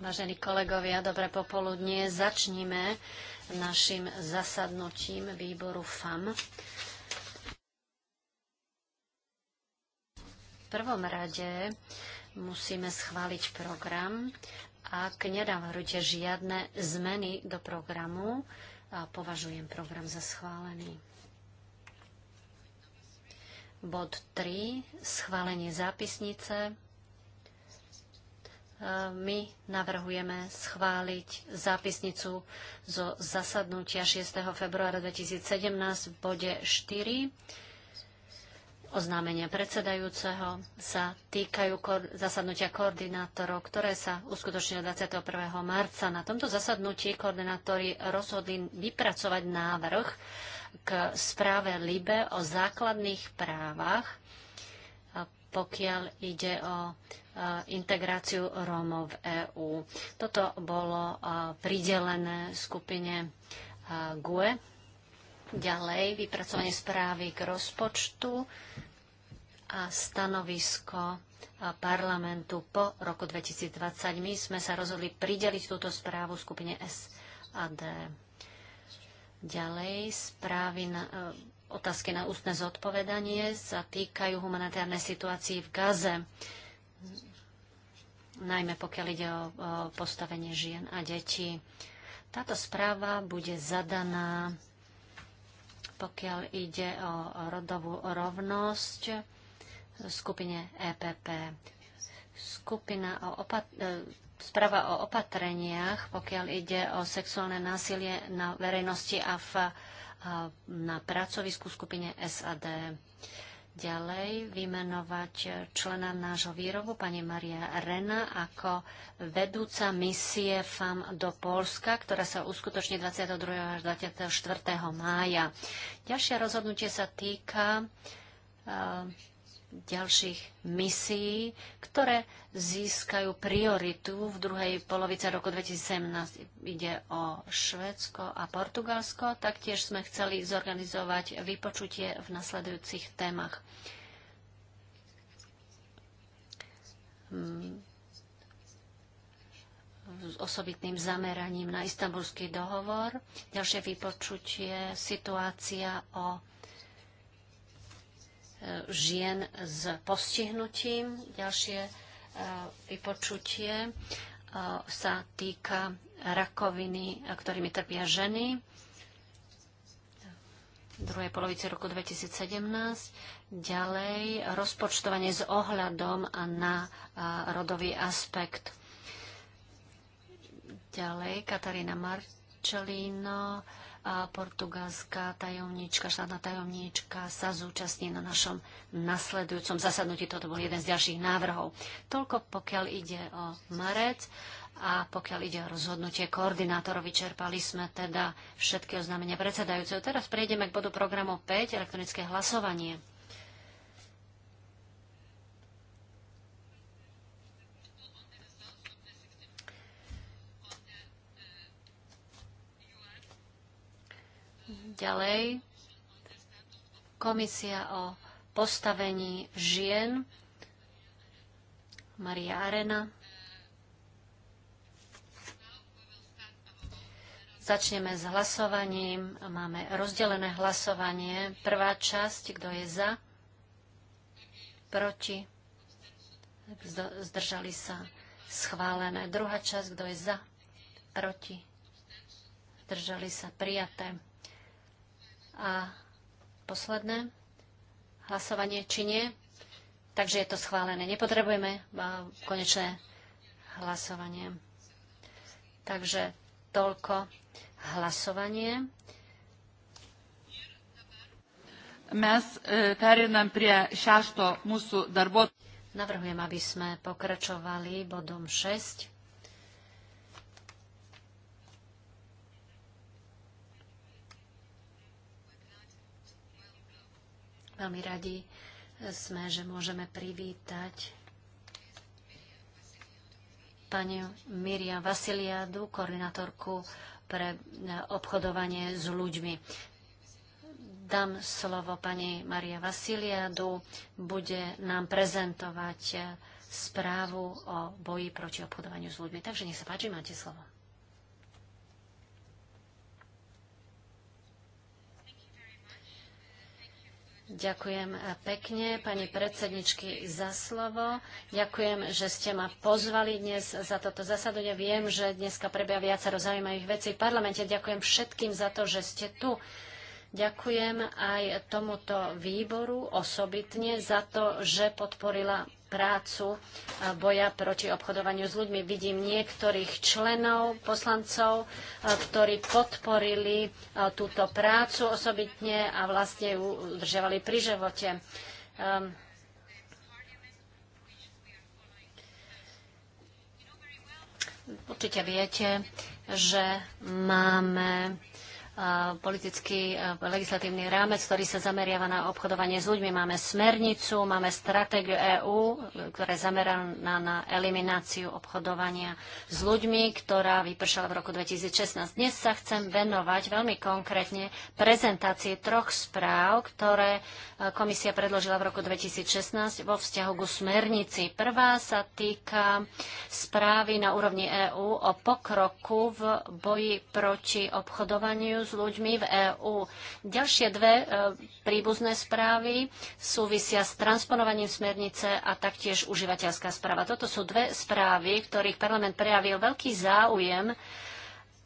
Vážení kolegovia, dobré popoludnie. Začníme našim zasadnutím výboru FAM. V prvom rade musíme schváliť program. Ak nenavrhujete žiadne zmeny do programu, považujem program za schválený. Bod 3. Schválenie zápisnice my navrhujeme schváliť zápisnicu zo zasadnutia 6. februára 2017 v bode 4. Oznámenia predsedajúceho sa týkajú zasadnutia koordinátorov, ktoré sa uskutočnilo 21. marca. Na tomto zasadnutí koordinátori rozhodli vypracovať návrh k správe LIBE o základných právach pokiaľ ide o e, integráciu Rómov v EÚ. Toto bolo e, pridelené skupine GUE. E. Ďalej vypracovanie správy k rozpočtu a stanovisko parlamentu po roku 2020. My sme sa rozhodli prideliť túto správu skupine SAD. Ďalej správy na, otázky na ústne zodpovedanie sa týkajú humanitárnej situácii v Gaze, najmä pokiaľ ide o, postavenie žien a detí. Táto správa bude zadaná, pokiaľ ide o rodovú rovnosť skupine EPP. Skupina o opat- e, správa o opatreniach, pokiaľ ide o sexuálne násilie na verejnosti a v na pracovisku skupine SAD. Ďalej vymenovať člena nášho výrobu pani Maria Rena ako vedúca misie FAM do Polska, ktorá sa uskutoční 22. až 24. mája. Ďalšie rozhodnutie sa týka uh, ďalších misií, ktoré získajú prioritu v druhej polovice roku 2017. Ide o Švédsko a Portugalsko. Taktiež sme chceli zorganizovať vypočutie v nasledujúcich témach. Mm. s osobitným zameraním na istambulský dohovor. Ďalšie vypočutie situácia o žien s postihnutím. Ďalšie e, vypočutie e, sa týka rakoviny, e, ktorými trpia ženy v druhej polovici roku 2017. Ďalej rozpočtovanie s ohľadom na rodový aspekt. Ďalej Katarína Marcelino portugalská tajomníčka, štátna tajomníčka sa zúčastní na našom nasledujúcom zasadnutí. Toto bol jeden z ďalších návrhov. Toľko pokiaľ ide o Marec a pokiaľ ide o rozhodnutie koordinátorov, vyčerpali sme teda všetky oznámenia predsedajúceho. Teraz prejdeme k bodu programu 5, elektronické hlasovanie. Ďalej, komisia o postavení žien Maria Arena. Začneme s hlasovaním. Máme rozdelené hlasovanie. Prvá časť, kto je za, proti, zdržali sa schválené. Druhá časť, kto je za, proti, zdržali sa prijaté. A posledné hlasovanie, či nie. Takže je to schválené. Nepotrebujeme konečné hlasovanie. Takže toľko hlasovanie. Mes e, perinam prie darbo. Navrhujem, aby sme pokračovali bodom 6. Veľmi radi sme, že môžeme privítať pani Miria Vasiliadu, koordinátorku pre e, obchodovanie s ľuďmi. Dám slovo pani Maria Vasiliadu, bude nám prezentovať e, správu o boji proti obchodovaniu s ľuďmi. Takže nech sa páči, máte slovo. Ďakujem pekne, pani predsedničky, za slovo. Ďakujem, že ste ma pozvali dnes za toto zasadenie. Viem, že dneska prebieha viacero zaujímavých vecí v parlamente. Ďakujem všetkým za to, že ste tu. Ďakujem aj tomuto výboru osobitne za to, že podporila prácu boja proti obchodovaniu s ľuďmi. Vidím niektorých členov, poslancov, ktorí podporili túto prácu osobitne a vlastne ju udržiavali pri živote. Ehm, určite viete, že máme politický legislatívny rámec, ktorý sa zameriava na obchodovanie s ľuďmi. Máme smernicu, máme stratégiu EÚ, ktorá je zameraná na elimináciu obchodovania s ľuďmi, ktorá vypršala v roku 2016. Dnes sa chcem venovať veľmi konkrétne prezentácii troch správ, ktoré komisia predložila v roku 2016 vo vzťahu ku smernici. Prvá sa týka správy na úrovni EÚ o pokroku v boji proti obchodovaniu s ľuďmi v EÚ. Ďalšie dve e, príbuzné správy súvisia s transponovaním smernice a taktiež užívateľská správa. Toto sú dve správy, ktorých parlament prejavil veľký záujem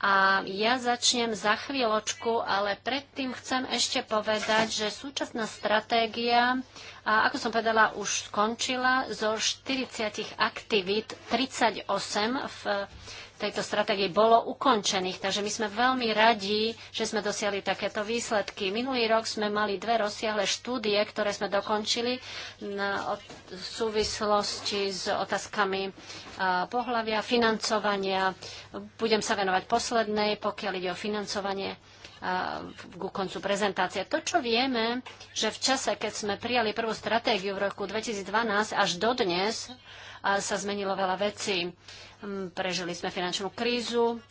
a ja začnem za chvíľočku, ale predtým chcem ešte povedať, že súčasná stratégia, a ako som povedala, už skončila zo 40 aktivít, 38 v tejto stratégie bolo ukončených. Takže my sme veľmi radi, že sme dosiahli takéto výsledky. Minulý rok sme mali dve rozsiahle štúdie, ktoré sme dokončili na, od, v súvislosti s otázkami a, pohľavia, financovania. Budem sa venovať poslednej, pokiaľ ide o financovanie ku koncu prezentácie. To, čo vieme, že v čase, keď sme prijali prvú stratégiu v roku 2012 až dodnes, sa zmenilo veľa vecí. Mm, prežili sme finančnú krízu,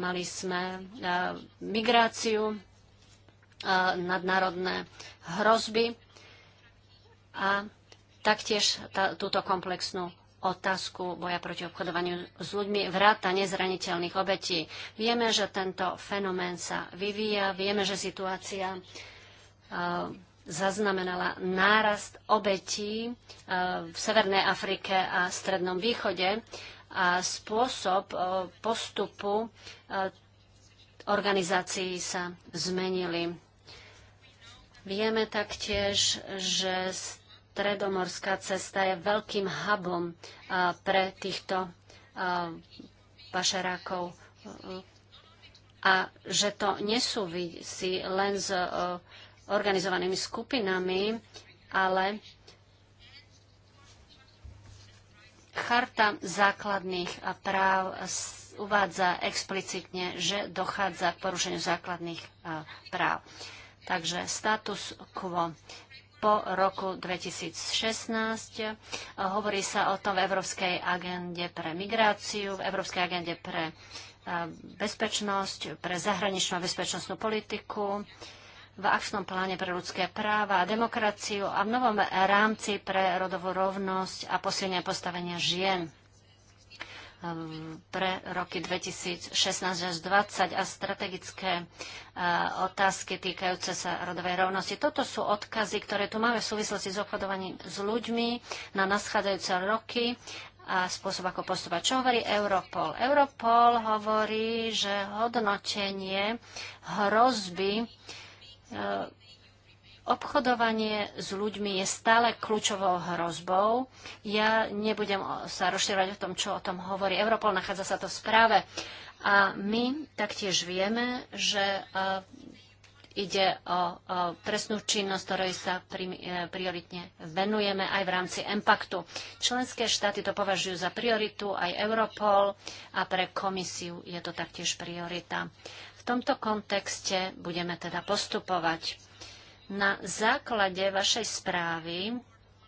mali sme migráciu, nadnárodné hrozby a taktiež tá, túto komplexnú otázku boja proti obchodovaniu s ľuďmi, vráta nezraniteľných obetí. Vieme, že tento fenomén sa vyvíja, vieme, že situácia uh, zaznamenala nárast obetí eh, v Severnej Afrike a Strednom východe a spôsob eh, postupu eh, organizácií sa zmenili. Vieme taktiež, že stredomorská cesta je veľkým hubom pre týchto pašerákov a že to nesúvisí len s organizovanými skupinami, ale Charta základných práv uvádza explicitne, že dochádza k porušeniu základných práv. Takže status quo po roku 2016. Hovorí sa o tom v Európskej agende pre migráciu, v Európskej agende pre bezpečnosť, pre zahraničnú a bezpečnostnú politiku v akčnom pláne pre ľudské práva a demokraciu a v novom rámci pre rodovú rovnosť a posilnenie postavenia žien pre roky 2016 až 2020 a strategické otázky týkajúce sa rodovej rovnosti. Toto sú odkazy, ktoré tu máme v súvislosti s obchodovaním s ľuďmi na naschádzajúce roky a spôsob, ako postupovať. Čo hovorí Europol? Europol hovorí, že hodnotenie hrozby Eh, obchodovanie s ľuďmi je stále kľúčovou hrozbou. Ja nebudem sa rozširovať o tom, čo o tom hovorí Europol, nachádza sa to v správe. A my taktiež vieme, že eh, ide o, presnú trestnú činnosť, ktorej sa eh, prioritne venujeme aj v rámci Empaktu. Členské štáty to považujú za prioritu, aj Europol a pre komisiu je to taktiež priorita tomto kontexte budeme teda postupovať. Na základe vašej správy,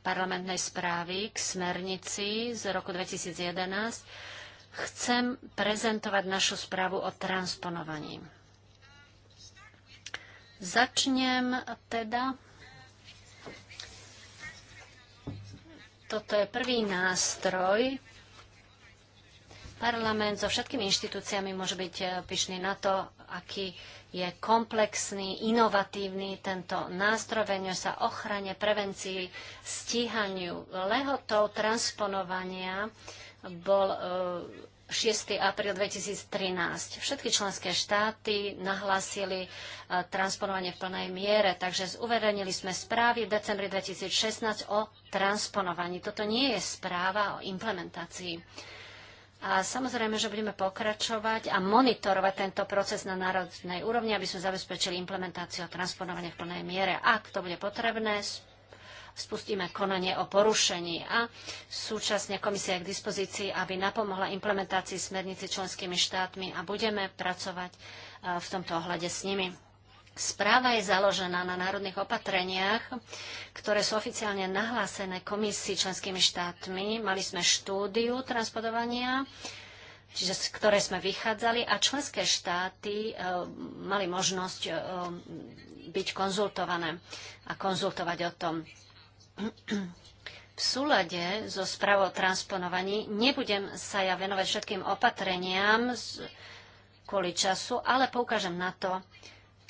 parlamentnej správy k smernici z roku 2011, chcem prezentovať našu správu o transponovaní. Začnem teda. Toto je prvý nástroj. Parlament so všetkými inštitúciami môže byť pyšný na to, aký je komplexný, inovatívny tento nástroj, venuje sa ochrane, prevencii, stíhaniu lehotov, transponovania. Bol 6. E, apríl 2013. Všetky členské štáty nahlásili e, transponovanie v plnej miere, takže uverejnili sme správy v decembri 2016 o transponovaní. Toto nie je správa o implementácii. A samozrejme, že budeme pokračovať a monitorovať tento proces na národnej úrovni, aby sme zabezpečili implementáciu a transponovanie v plnej miere. Ak to bude potrebné, spustíme konanie o porušení a súčasne komisia je k dispozícii, aby napomohla implementácii smernici členskými štátmi a budeme pracovať e, v tomto ohľade s nimi. Správa je založená na národných opatreniach, ktoré sú oficiálne nahlásené komisii členskými štátmi. Mali sme štúdiu transpodovania, čiže z ktoré sme vychádzali a členské štáty e, mali možnosť e, byť konzultované a konzultovať o tom. V súlade so správou o transponovaní nebudem sa ja venovať všetkým opatreniam z, kvôli času, ale poukážem na to,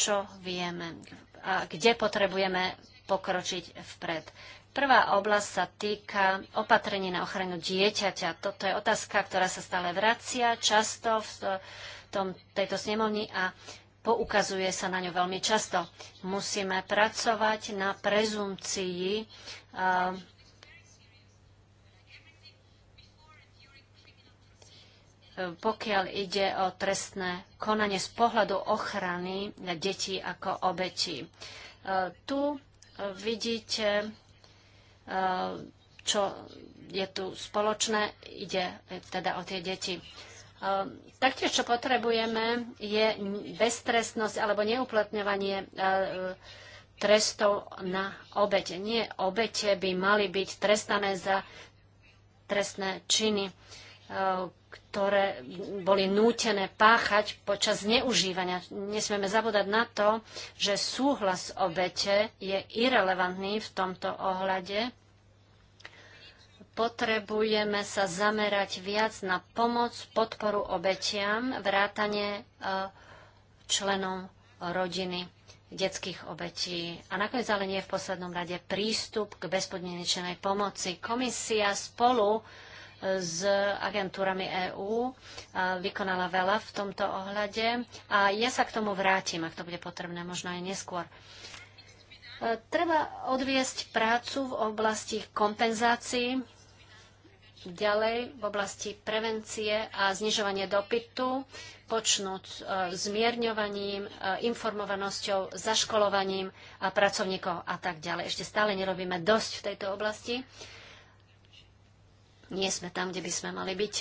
čo vieme a kde potrebujeme pokročiť vpred. Prvá oblasť sa týka opatrení na ochranu dieťaťa. Toto je otázka, ktorá sa stále vracia často v tom, tejto snemovni a poukazuje sa na ňu veľmi často. Musíme pracovať na prezumcii uh, pokiaľ ide o trestné konanie z pohľadu ochrany detí ako obetí. E, tu vidíte, e, čo je tu spoločné, ide teda o tie deti. E, taktiež, čo potrebujeme, je beztrestnosť alebo neuplatňovanie trestov na obete. Nie obete by mali byť trestané za trestné činy ktoré boli nútené páchať počas zneužívania. Nesmieme zabúdať na to, že súhlas obete je irrelevantný v tomto ohľade. Potrebujeme sa zamerať viac na pomoc, podporu obetiam, vrátanie eh, členom rodiny detských obetí. A nakoniec ale nie v poslednom rade prístup k bezpodmienečnej pomoci. Komisia spolu uh, s agentúrami EÚ, vykonala veľa v tomto ohľade a ja sa k tomu vrátim, ak to bude potrebné, možno aj neskôr. E, treba odviesť prácu v oblasti kompenzácií, ďalej v oblasti prevencie a znižovanie dopytu, počnúť s e, e, informovanosťou, zaškolovaním pracovníkov a tak ďalej. Ešte stále nerobíme dosť v tejto oblasti nie sme tam, kde by sme mali byť.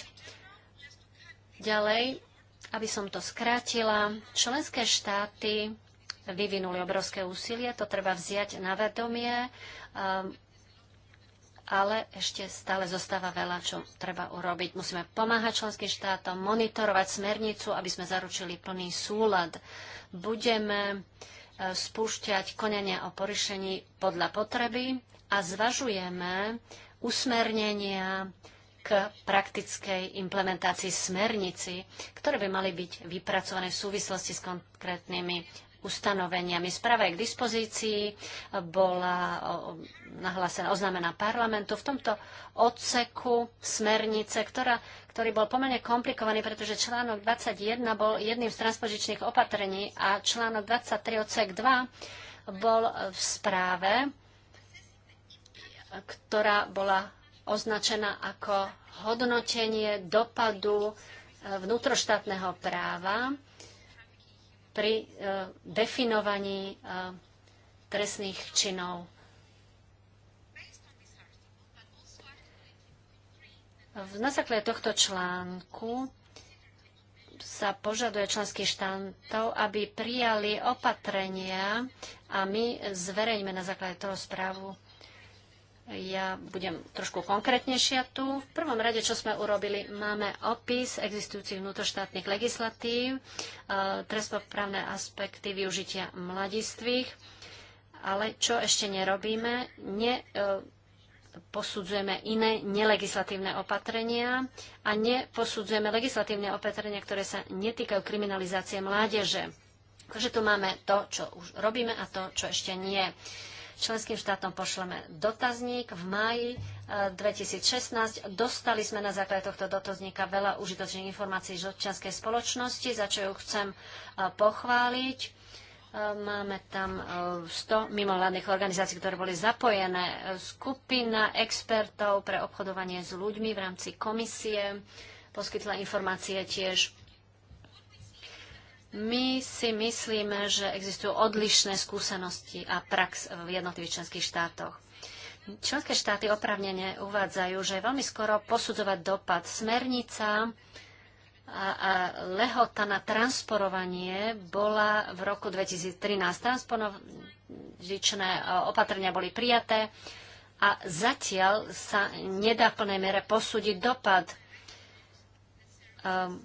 Ďalej, aby som to skrátila, členské štáty vyvinuli obrovské úsilie, to treba vziať na vedomie, ehm, ale ešte stále zostáva veľa, čo treba urobiť. Musíme pomáhať členským štátom, monitorovať smernicu, aby sme zaručili plný súlad. Budeme e, spúšťať konania o porišení podľa potreby a zvažujeme usmernenia k praktickej implementácii smernici, ktoré by mali byť vypracované v súvislosti s konkrétnymi ustanoveniami. Správa je k dispozícii, bola nahlásená, oznámená parlamentu. V tomto odseku smernice, ktorá, ktorý bol pomerne komplikovaný, pretože článok 21 bol jedným z transpozičných opatrení a článok 23 odsek 2 bol v správe ktorá bola označená ako hodnotenie dopadu e, vnútroštátneho práva pri e, definovaní e, trestných činov. Na základe tohto článku sa požaduje členských štátov, aby prijali opatrenia a my zverejme na základe toho správu ja budem trošku konkrétnejšia tu. V prvom rade, čo sme urobili, máme opis existujúcich vnútroštátnych legislatív, eh, trestnoprávne aspekty využitia mladistvých, ale čo ešte nerobíme, ne, eh, posudzujeme iné nelegislatívne opatrenia a neposudzujeme legislatívne opatrenia, ktoré sa netýkajú kriminalizácie mládeže. Takže tu máme to, čo už robíme a to, čo ešte nie. Uh, Členským štátom pošleme dotazník v máji 2016. E, Dostali sme na základe tohto dotazníka veľa užitočných informácií z občianskej spoločnosti, za čo ju chcem e, pochváliť. E, máme tam 100 mimovládnych organizácií, ktoré boli zapojené. Skupina expertov pre obchodovanie s ľuďmi v rámci komisie poskytla informácie tiež my si myslíme, že existujú odlišné skúsenosti a prax v jednotlivých členských štátoch. Členské štáty opravnene uvádzajú, že je veľmi skoro posudzovať dopad smernica a, a lehota na transporovanie bola v roku 2013. Transponovičné e, opatrenia boli prijaté a zatiaľ sa nedá v plnej mere posúdiť dopad. Um,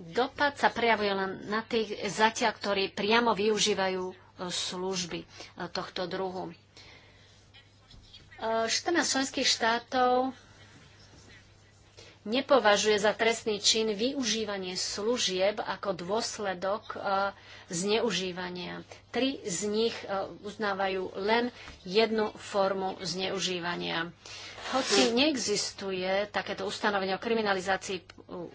Dopad sa prejavuje len na tých zatiaľ, ktorí priamo využívajú e, služby e, tohto druhu. 14 e, členských štátov nepovažuje za trestný čin využívanie služieb ako dôsledok e, zneužívania. Tri z nich e, uznávajú len jednu formu zneužívania. Hoci neexistuje takéto ustanovenie o kriminalizácii e,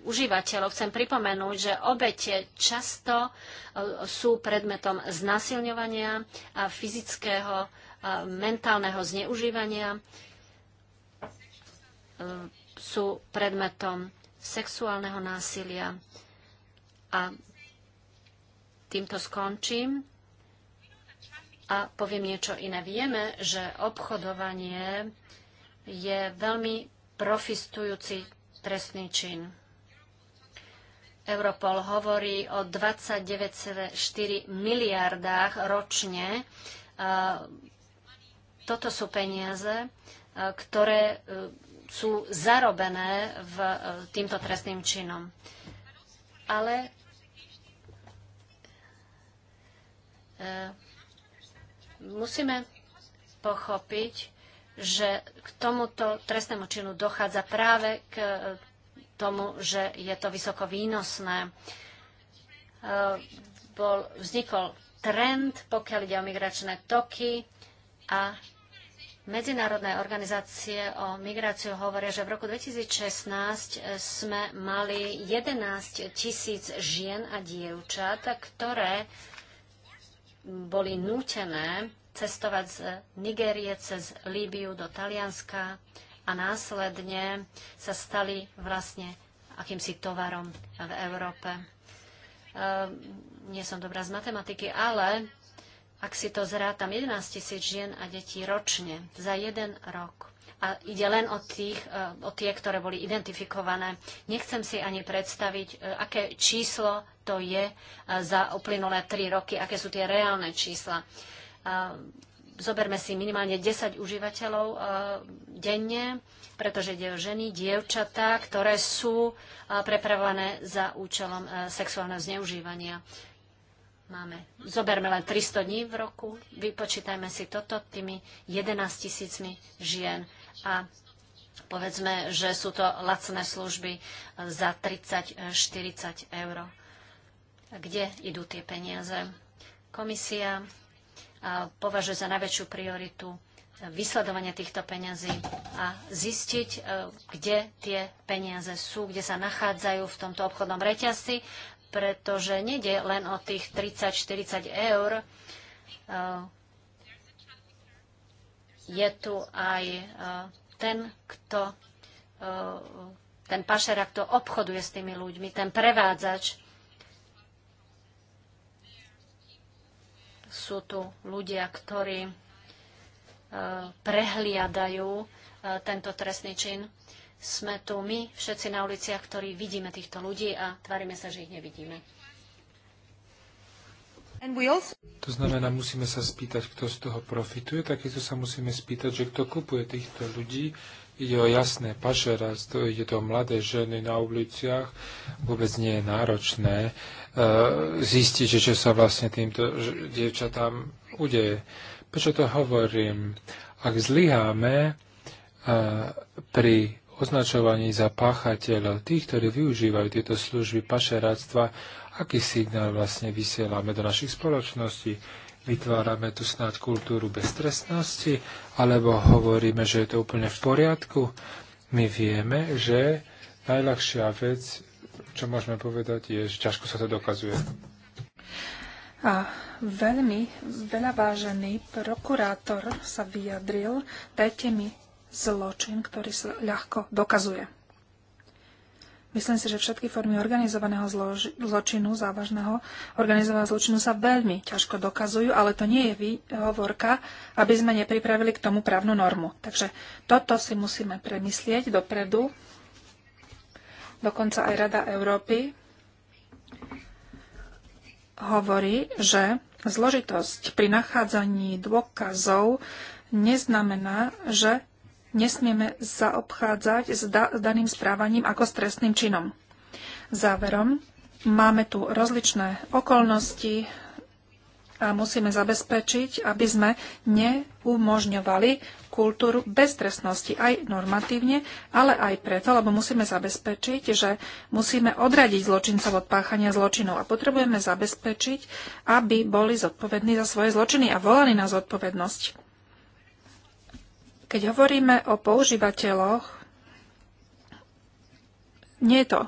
užívateľov, chcem pripomenúť, že obete často sú predmetom znasilňovania a fyzického a mentálneho zneužívania sú predmetom sexuálneho násilia. A týmto skončím a poviem niečo iné. Vieme, že obchodovanie je veľmi profistujúci trestný čin. Europol hovorí o 29,4 miliardách ročne. Toto sú peniaze, ktoré e, sú zarobené v e, týmto trestným činom. Ale e, musíme pochopiť, že k tomuto trestnému činu dochádza práve k e, tomu, že je to vysoko výnosné. vznikol trend, pokiaľ ide o migračné toky a Medzinárodné organizácie o migráciu hovoria, že v roku 2016 sme mali 11 tisíc žien a dievčat, ktoré boli nútené cestovať z Nigérie cez Líbiu do Talianska a následne sa stali vlastne akýmsi tovarom v Európe. Ehm, nie som dobrá z matematiky, ale ak si to zrátam, 11 tisíc žien a detí ročne za jeden rok. A ide len o, tých, e, o tie, ktoré boli identifikované. Nechcem si ani predstaviť, e, aké číslo to je e, za uplynulé 3 roky, aké sú tie reálne čísla. Zoberme si minimálne 10 užívateľov denne, pretože ide o ženy, dievčatá, ktoré sú prepravované za účelom sexuálneho zneužívania máme, zoberme len 300 dní v roku, vypočítajme si toto tými 11 tisícmi žien a povedzme, že sú to lacné služby za 30-40 eur. Kde idú tie peniaze? Komisia považuje za najväčšiu prioritu vysledovanie týchto peniazí a zistiť, kde tie peniaze sú, kde sa nachádzajú v tomto obchodnom reťazci pretože nede len o tých 30-40 eur. E, je tu aj e, ten, kto, e, ten pašerak, kto obchoduje s tými ľuďmi, ten prevádzač. Sú tu ľudia, ktorí prehliadajú tento trestný čin sme tu my všetci na uliciach, ktorí vidíme týchto ľudí a tvárime sa, že ich nevidíme. To znamená, musíme sa spýtať, kto z toho profituje, takisto sa musíme spýtať, že kto kupuje týchto ľudí. Ide o jasné pašeráctvo, ide to o mladé ženy na uliciach. Vôbec nie je náročné e, zistiť, že čo sa vlastne týmto dievčatám udeje. Prečo to hovorím? Ak zlyháme e, pri označovaní za páchateľov, tých, ktorí využívajú tieto služby pašeráctva, aký signál vlastne vysielame do našich spoločností. Vytvárame tu snáď kultúru beztrestnosti, alebo hovoríme, že je to úplne v poriadku. My vieme, že najľahšia vec, čo môžeme povedať, je, že ťažko sa to dokazuje. A veľmi veľa vážený prokurátor sa vyjadril. Dajte mi zločin, ktorý sa ľahko dokazuje. Myslím si, že všetky formy organizovaného zlož- zločinu, závažného organizovaného zločinu sa veľmi ťažko dokazujú, ale to nie je výhovorka, aby sme nepripravili k tomu právnu normu. Takže toto si musíme premyslieť dopredu. Dokonca aj Rada Európy hovorí, že zložitosť pri nachádzaní dôkazov neznamená, že nesmieme zaobchádzať s, da- daným správaním ako s trestným činom. Záverom, máme tu rozličné okolnosti a musíme zabezpečiť, aby sme neumožňovali kultúru beztrestnosti aj normatívne, ale aj preto, lebo musíme zabezpečiť, že musíme odradiť zločincov od páchania zločinov a potrebujeme zabezpečiť, aby boli zodpovední za svoje zločiny a volali na zodpovednosť. Keď hovoríme o používateľoch, nie je to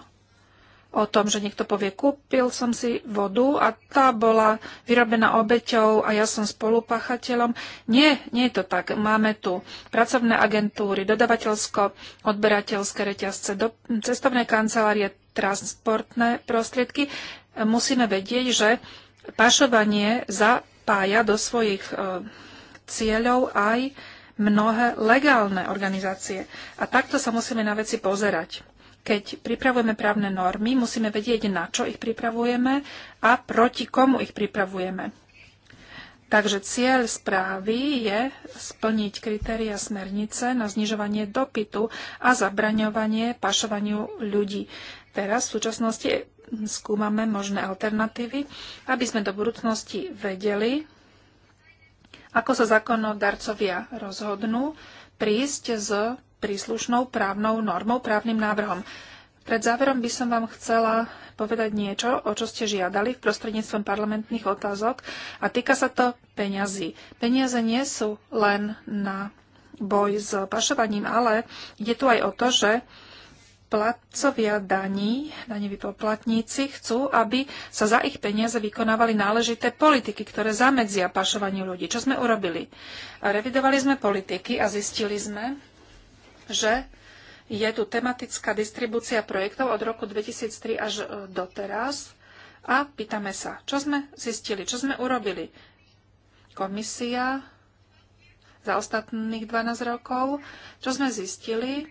o tom, že niekto povie, kúpil som si vodu a tá bola vyrobená obeťou a ja som spolupachateľom. Nie, nie je to tak. Máme tu pracovné agentúry, dodavateľsko-odberateľské reťazce, do, cestovné kancelárie, transportné prostriedky. Musíme vedieť, že pašovanie zapája do svojich e, cieľov aj mnohé legálne organizácie. A takto sa musíme na veci pozerať. Keď pripravujeme právne normy, musíme vedieť, na čo ich pripravujeme a proti komu ich pripravujeme. Takže cieľ správy je splniť kritéria smernice na znižovanie dopytu a zabraňovanie pašovaniu ľudí. Teraz v súčasnosti skúmame možné alternatívy, aby sme do budúcnosti vedeli, ako sa zákonodarcovia rozhodnú prísť s príslušnou právnou normou, právnym návrhom. Pred záverom by som vám chcela povedať niečo, o čo ste žiadali v prostredníctvom parlamentných otázok a týka sa to peňazí. Peniaze nie sú len na boj s pašovaním, ale je tu aj o to, že platcovia daní, daní poplatníci chcú, aby sa za ich peniaze vykonávali náležité politiky, ktoré zamedzia pašovaniu ľudí. Čo sme urobili? Revidovali sme politiky a zistili sme, že je tu tematická distribúcia projektov od roku 2003 až e, doteraz. A pýtame sa, čo sme zistili, čo sme urobili. Komisia za ostatných 12 rokov, čo sme zistili,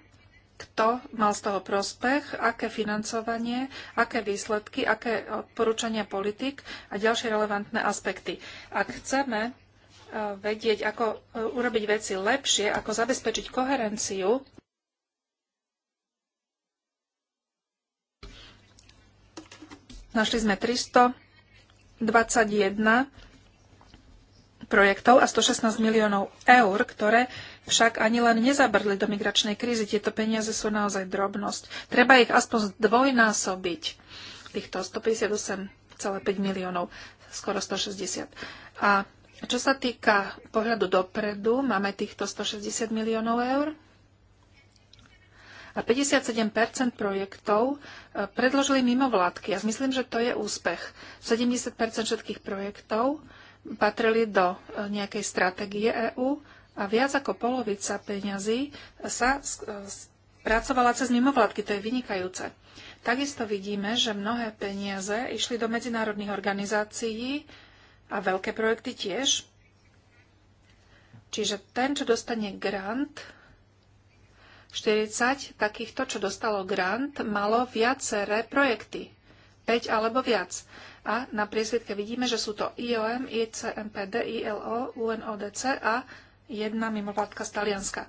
kto mal z toho prospech, aké financovanie, aké výsledky, aké odporúčania politik a ďalšie relevantné aspekty. Ak chceme e, vedieť, ako e, urobiť veci lepšie, ako zabezpečiť koherenciu, našli sme 321 projektov a 116 miliónov eur, ktoré však ani len nezabrdli do migračnej krízy. Tieto peniaze sú naozaj drobnosť. Treba ich aspoň dvojnásobiť, týchto 158,5 miliónov, skoro 160. A čo sa týka pohľadu dopredu, máme týchto 160 miliónov eur. A 57 projektov e, predložili mimo vládky. Ja myslím, že to je úspech. 70 všetkých projektov patrili do e, nejakej stratégie EÚ a viac ako polovica peňazí sa e, pracovala cez mimovládky. To je vynikajúce. Takisto vidíme, že mnohé peniaze išli do medzinárodných organizácií a veľké projekty tiež. Čiže ten, čo dostane grant, 40 takýchto, čo dostalo grant, malo viaceré projekty. 5 alebo viac. A na priesvitke vidíme, že sú to IOM, ICMPD, ILO, UNODC a jedna mimovládka z Talianska.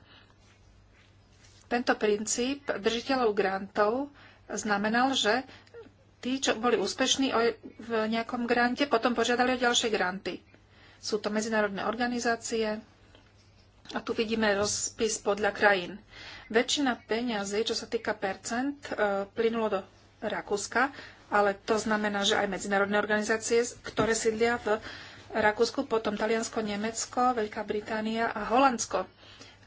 Tento princíp držiteľov grantov znamenal, že tí, čo boli úspešní v nejakom grante, potom požiadali o ďalšie granty. Sú to medzinárodné organizácie a tu vidíme rozpis podľa krajín. Väčšina peňazí, čo sa týka percent, e, plynulo do Rakúska, ale to znamená, že aj medzinárodné organizácie, ktoré sídlia v Rakúsku, potom Taliansko, Nemecko, Veľká Británia a Holandsko.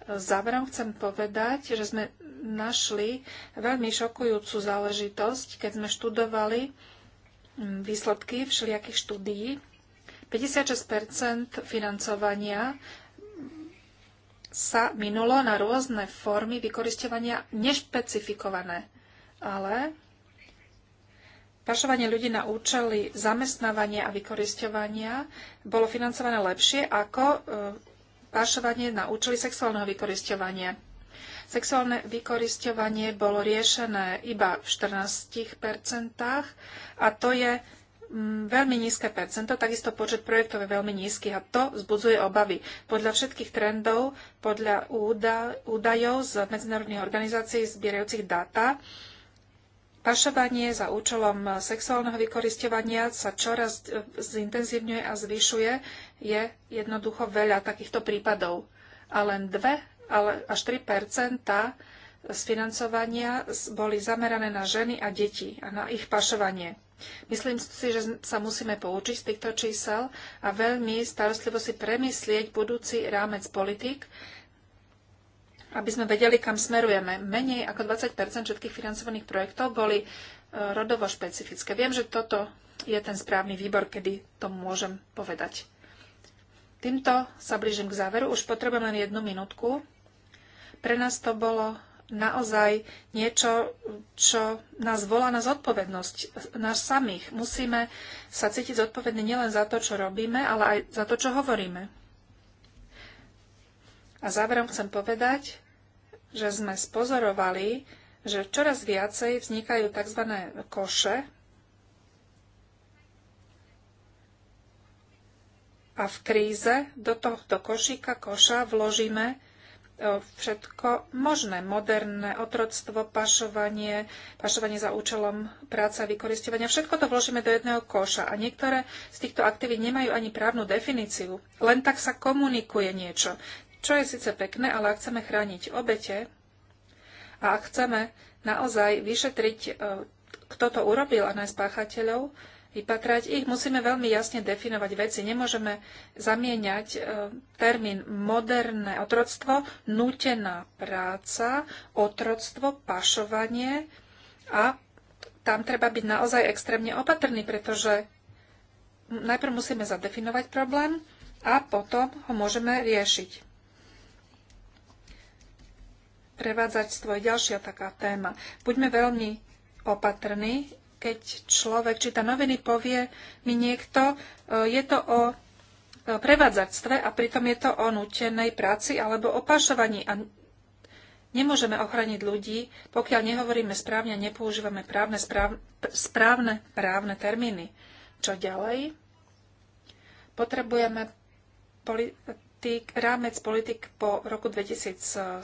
Záverom chcem povedať, že sme našli veľmi šokujúcu záležitosť, keď sme študovali výsledky všelijakých štúdií. 56 financovania sa minulo na rôzne formy vykoristovania nešpecifikované. Ale Pašovanie ľudí na účely zamestnávania a vykorisťovania bolo financované lepšie ako e, pašovanie na účely sexuálneho vykorisťovania. Sexuálne vykorisťovanie bolo riešené iba v 14 a to je mm, veľmi nízke percento, takisto počet projektov je veľmi nízky a to vzbudzuje obavy. Podľa všetkých trendov, podľa údajov z medzinárodných organizácií zbierajúcich dáta, Pašovanie za účelom sexuálneho vykoristovania sa čoraz e, zintenzívňuje a zvyšuje. Je jednoducho veľa takýchto prípadov. A len 2 ale až 3 z financovania boli zamerané na ženy a deti a na ich pašovanie. Myslím si, že sa musíme poučiť z týchto čísel a veľmi starostlivo si premyslieť budúci rámec politik, aby sme vedeli, kam smerujeme. Menej ako 20 všetkých financovaných projektov boli e, rodovo špecifické. Viem, že toto je ten správny výbor, kedy to môžem povedať. Týmto sa blížim k záveru. Už potrebujem len jednu minútku. Pre nás to bolo naozaj niečo, čo nás volá na zodpovednosť, nás samých. Musíme sa cítiť zodpovedne nielen za to, čo robíme, ale aj za to, čo hovoríme. A záverom chcem povedať, že sme spozorovali, že čoraz viacej vznikajú tzv. koše a v kríze do tohto košíka koša vložíme e, všetko možné. Moderné otroctvo, pašovanie, pašovanie za účelom práca a vykoristovania. Všetko to vložíme do jedného koša. A niektoré z týchto aktivít nemajú ani právnu definíciu. Len tak sa komunikuje niečo čo je síce pekné, ale ak chceme chrániť obete a ak chceme naozaj vyšetriť, e, kto to urobil a nájsť páchateľov, vypatrať ich, musíme veľmi jasne definovať veci. Nemôžeme zamieňať e, termín moderné otroctvo, nutená práca, otroctvo, pašovanie a tam treba byť naozaj extrémne opatrný, pretože najprv musíme zadefinovať problém a potom ho môžeme riešiť prevádzačstvo je ďalšia taká téma. Buďme veľmi opatrní, keď človek číta noviny, povie mi niekto, e, je to o e, prevádzačstve a pritom je to o nutenej práci alebo o pašovaní. A nemôžeme ochraniť ľudí, pokiaľ nehovoríme správne a nepoužívame právne, správne správne právne termíny. Čo ďalej? Potrebujeme politik, rámec politik po roku 2017,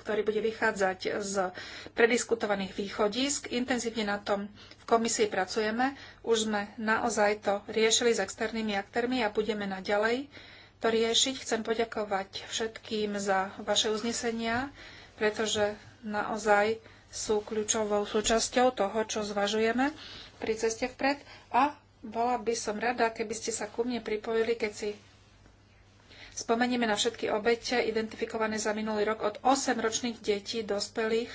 ktorý bude vychádzať z prediskutovaných východisk. Intenzívne na tom v komisii pracujeme. Už sme naozaj to riešili s externými aktérmi a budeme naďalej to riešiť. Chcem poďakovať všetkým za vaše uznesenia, pretože naozaj sú kľúčovou súčasťou toho, čo zvažujeme pri ceste vpred a bola by som rada, keby ste sa ku mne pripojili, keď si Spomenieme na všetky obete identifikované za minulý rok od 8-ročných detí, dospelých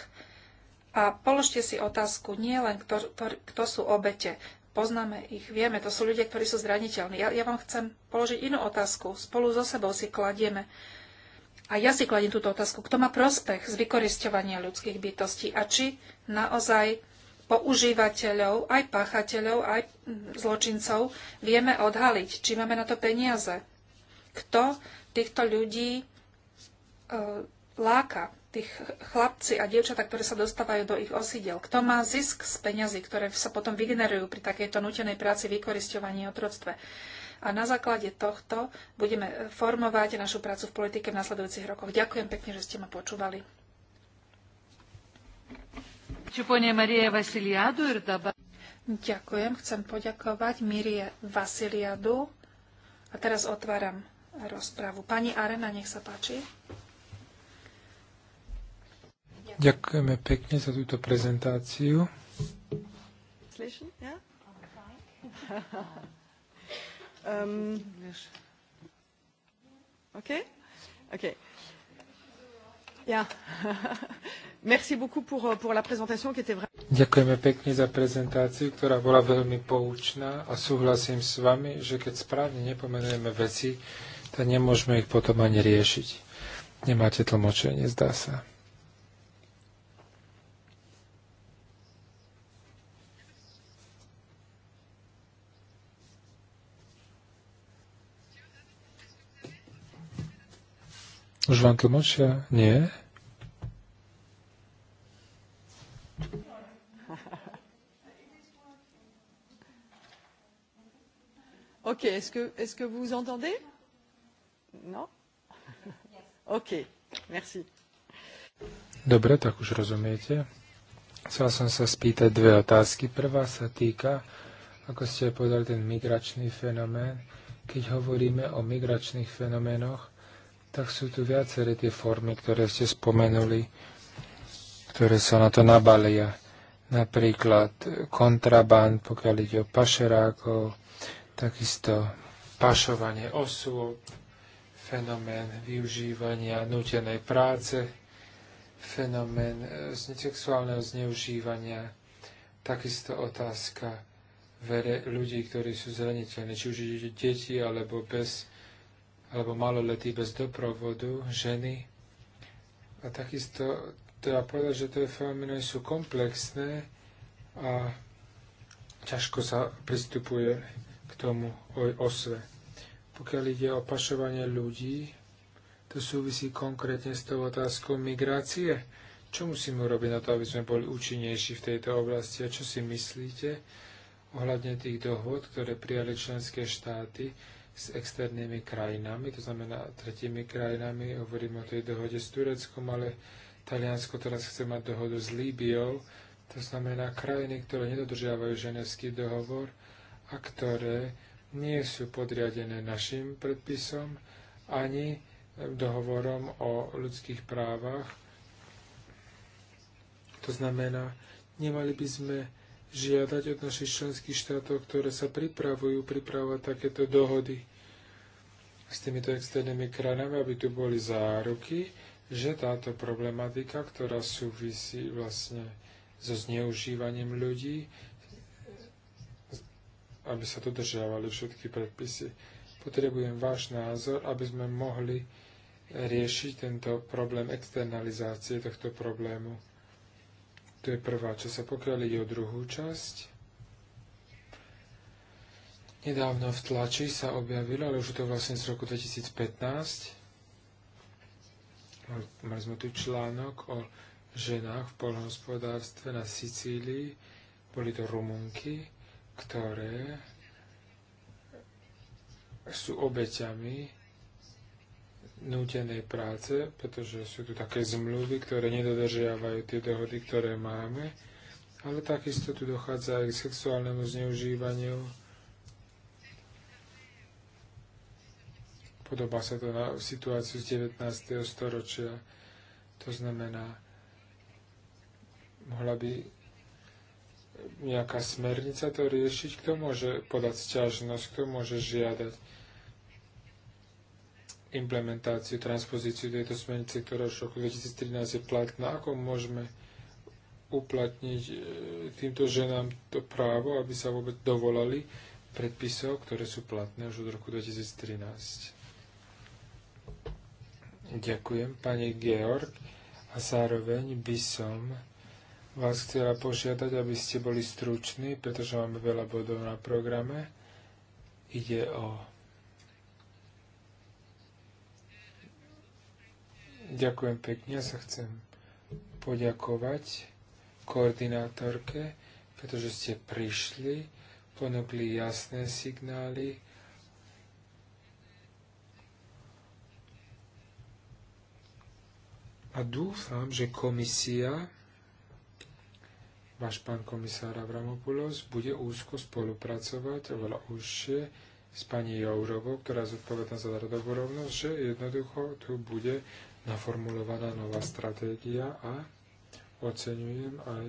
a položte si otázku nie len, kto, kto sú obete. Poznáme ich, vieme, to sú ľudia, ktorí sú zraniteľní. Ja, ja vám chcem položiť inú otázku. Spolu so sebou si kladieme. A ja si kladím túto otázku. Kto má prospech z vykoristovania ľudských bytostí a či naozaj používateľov, aj páchateľov, aj mm, zločincov vieme odhaliť, či máme na to peniaze kto týchto ľudí e, láka, tých chlapci a dievčatá, ktoré sa dostávajú do ich osídel. Kto má zisk z peňazí, ktoré sa potom vygenerujú pri takejto nutenej práci, vykoristovaní a otroctve. A na základe tohto budeme formovať našu prácu v politike v nasledujúcich rokoch. Ďakujem pekne, že ste ma počúvali. Ďakujem, chcem poďakovať Mirie Vasiliadu. A teraz otváram rozpravu. Pani Arena, nech sa páči. Ďakujeme pekne za túto prezentáciu. Slyším? Ja? um, OK? OK. Ja. Merci beaucoup pour, euh, pour la présentation qui était vraiment... Ďakujeme pekne za prezentáciu, ktorá bola veľmi poučná a súhlasím s vami, že keď správne nepomenujeme veci, tak nemôžeme ich potom ani riešiť. Nemáte tlmočenie, zdá sa. Už vám tlmočia? Nie? Ok, est-ce que, est-ce que vous entendez? No? OK, merci. Dobre, tak už rozumiete. Chcel som sa spýtať dve otázky. Prvá sa týka, ako ste povedali, ten migračný fenomén. Keď hovoríme o migračných fenoménoch, tak sú tu viaceré tie formy, ktoré ste spomenuli, ktoré sa na to nabalia. Napríklad kontraband, pokiaľ ide o pašerákov, takisto pašovanie osôb, fenomén využívania nutenej práce, fenomén e, sexuálneho zneužívania, takisto otázka vere ľudí, ktorí sú zraniteľní, či už deti alebo bez alebo maloletí bez doprovodu, ženy. A takisto treba povedať, že tie fenomény sú komplexné a ťažko sa pristupuje k tomu osve pokiaľ ide o pašovanie ľudí, to súvisí konkrétne s tou otázkou migrácie. Čo musíme urobiť na to, aby sme boli účinnejší v tejto oblasti a čo si myslíte ohľadne tých dohod, ktoré prijali členské štáty s externými krajinami, to znamená tretími krajinami, hovoríme o tej dohode s Tureckom, ale Taliansko teraz chce mať dohodu s Líbiou, to znamená krajiny, ktoré nedodržiavajú ženevský dohovor a ktoré nie sú podriadené našim predpisom ani dohovorom o ľudských právach. To znamená, nemali by sme žiadať od našich členských štátov, ktoré sa pripravujú pripravovať takéto dohody s týmito externými krajinami, aby tu boli záruky, že táto problematika, ktorá súvisí vlastne so zneužívaním ľudí, aby sa dodržiavali všetky predpisy. Potrebujem váš názor, aby sme mohli riešiť tento problém externalizácie tohto problému. To je prvá časť. A pokiaľ ide o druhú časť, nedávno v tlači sa objavilo, ale už je to vlastne z roku 2015, Mali sme tu článok o ženách v polnohospodárstve na Sicílii. Boli to Rumunky ktoré sú obeťami nutenej práce, pretože sú tu také zmluvy, ktoré nedodržiavajú tie dohody, ktoré máme, ale takisto tu dochádza aj k sexuálnemu zneužívaniu. Podobá sa to na situáciu z 19. storočia. To znamená, mohla by nejaká smernica to riešiť? Kto môže podať sťažnosť? Kto môže žiadať implementáciu, transpozíciu tejto smernice, ktorá už v roku 2013 je platná? Ako môžeme uplatniť e, týmto ženám to právo, aby sa vôbec dovolali predpisov, ktoré sú platné už od roku 2013? Ďakujem, pani Georg. A zároveň by som vás chcela požiadať, aby ste boli struční, pretože máme veľa bodov na programe. Ide o... Ďakujem pekne, ja sa chcem poďakovať koordinátorke, pretože ste prišli, ponúkli jasné signály, a dúfam, že komisia váš pán komisár Avramopoulos bude úzko spolupracovať oveľa užšie s pani Jourovou, ktorá je zodpovedná za rodovú rovnosť, že jednoducho tu bude naformulovaná nová stratégia a oceňujem aj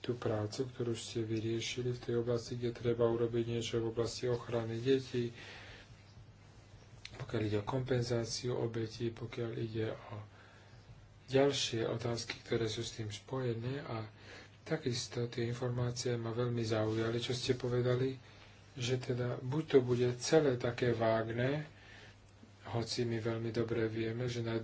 tú prácu, ktorú ste vyriešili v tej oblasti, kde treba urobiť niečo v oblasti ochrany detí, pokiaľ ide o kompenzáciu obetí, pokiaľ ide o ďalšie otázky, ktoré sú s tým spojené a Takisto tie informácie ma veľmi zaujali, čo ste povedali, že teda buď to bude celé také vágne, hoci my veľmi dobre vieme, že na, na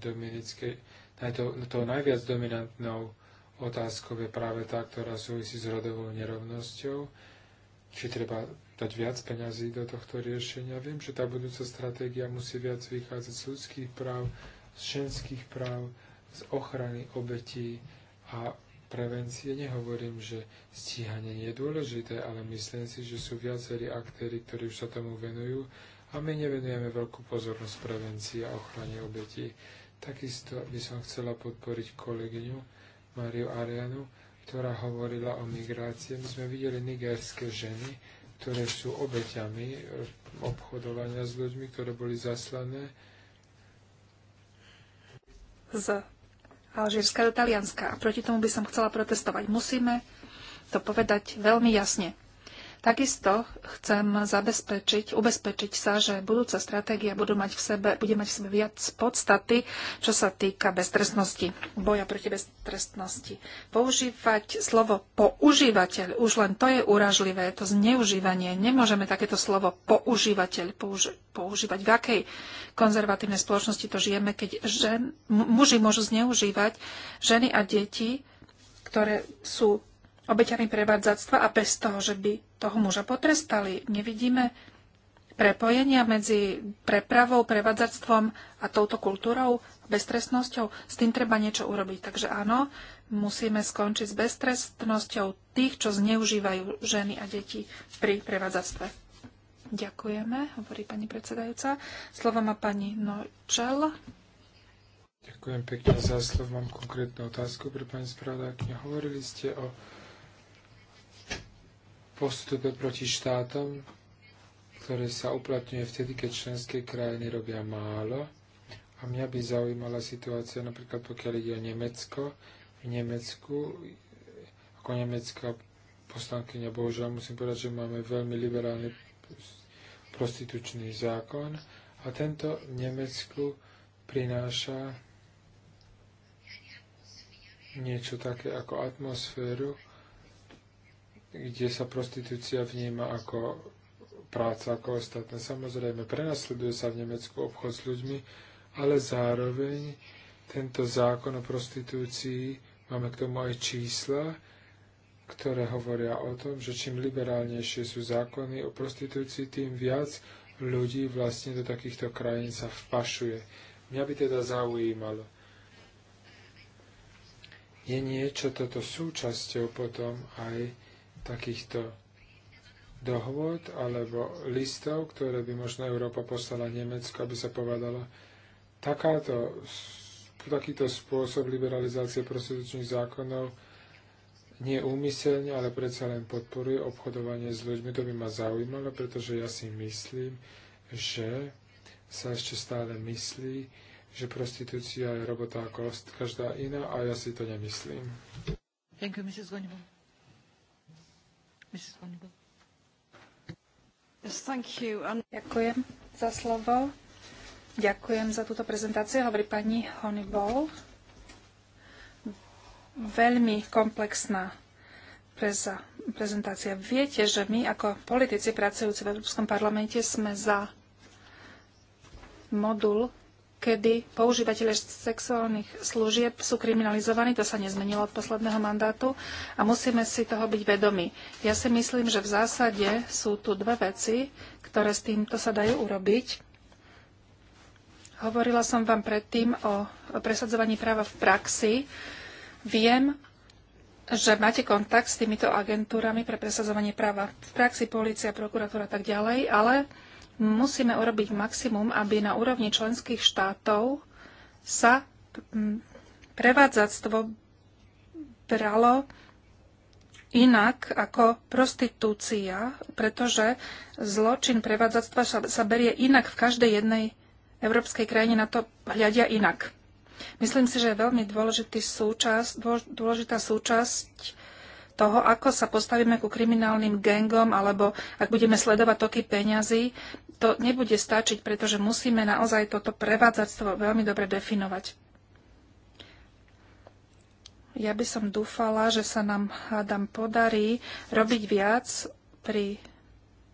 to, to najviac dominantnou otázkou je práve tá, ktorá súvisí s rodovou nerovnosťou, či treba dať viac peňazí do tohto riešenia. Viem, že tá budúca stratégia musí viac vychádzať z ľudských práv, z ženských práv, z ochrany obetí a prevencie. Nehovorím, že stíhanie nie je dôležité, ale myslím si, že sú viacerí aktéry, ktorí už sa tomu venujú a my nevenujeme veľkú pozornosť prevencii a ochrane obetí. Takisto by som chcela podporiť kolegyňu Mariu Arianu, ktorá hovorila o migrácii. My sme videli nigerské ženy, ktoré sú obeťami obchodovania s ľuďmi, ktoré boli zaslané z Alžírska do Talianska. A proti tomu by som chcela protestovať. Musíme to povedať veľmi jasne. Takisto chcem zabezpečiť, ubezpečiť sa, že budúca stratégia budú mať v sebe, bude mať v sebe viac podstaty, čo sa týka beztrestnosti, boja proti beztrestnosti. Používať slovo používateľ, už len to je uražlivé, to zneužívanie. Nemôžeme takéto slovo používateľ použi- používať. V akej konzervatívnej spoločnosti to žijeme, keď žen, muži môžu zneužívať ženy a deti, ktoré sú obeťami prevádzactva a bez toho, že by toho muža potrestali. Nevidíme prepojenia medzi prepravou, prevádzactvom a touto kultúrou, beztrestnosťou. S tým treba niečo urobiť. Takže áno, musíme skončiť s beztrestnosťou tých, čo zneužívajú ženy a deti pri prevádzactve. Ďakujeme, hovorí pani predsedajúca. Slovo má pani Nočel. Ďakujem pekne za slovo. Mám konkrétnu otázku pre pani spravodajkyňu. Hovorili ste o postupe proti štátom, ktoré sa uplatňuje vtedy, keď členské krajiny robia málo. A mňa by zaujímala situácia, napríklad pokiaľ ide o Nemecko. V Nemecku, ako nemecká poslankyňa, bohužiaľ musím povedať, že máme veľmi liberálny prostitučný zákon a tento v Nemecku prináša niečo také ako atmosféru, kde sa prostitúcia vníma ako práca, ako ostatné. Samozrejme, prenasleduje sa v Nemecku obchod s ľuďmi, ale zároveň tento zákon o prostitúcii, máme k tomu aj čísla, ktoré hovoria o tom, že čím liberálnejšie sú zákony o prostitúcii, tým viac ľudí vlastne do takýchto krajín sa vpašuje. Mňa by teda zaujímalo, je niečo toto súčasťou potom aj takýchto dohôd alebo listov, ktoré by možno Európa poslala Nemecku, aby sa povedala, takáto, takýto spôsob liberalizácie prostitučných zákonov nie úmyselne, ale predsa len podporuje obchodovanie s ľuďmi. To by ma zaujímalo, pretože ja si myslím, že sa ešte stále myslí, že prostitúcia je robota ako každá iná a ja si to nemyslím. Thank you, Mrs. Um, Ďakujem za slovo. Ďakujem za túto prezentáciu, hovorí pani Honeyball. Veľmi komplexná preza, prezentácia. Viete, že my ako politici pracujúci v Európskom parlamente sme za modul kedy používateľe sexuálnych služieb sú kriminalizovaní. To sa nezmenilo od posledného mandátu a musíme si toho byť vedomi. Ja si myslím, že v zásade sú tu dve veci, ktoré s týmto sa dajú urobiť. Hovorila som vám predtým o presadzovaní práva v praxi. Viem, že máte kontakt s týmito agentúrami pre presadzovanie práva v praxi, polícia, prokuratúra a tak ďalej, ale musíme urobiť maximum, aby na úrovni členských štátov sa mm, prevádzactvo bralo inak ako prostitúcia, pretože zločin prevádzactva sa, sa berie inak v každej jednej európskej krajine, na to hľadia inak. Myslím si, že je veľmi dôležitý súčasť, dôležitá súčasť toho, ako sa postavíme ku kriminálnym gangom, alebo ak budeme sledovať toky peňazí, to nebude stačiť, pretože musíme naozaj toto prevádzactvo veľmi dobre definovať. Ja by som dúfala, že sa nám, hádam, podarí robiť viac pri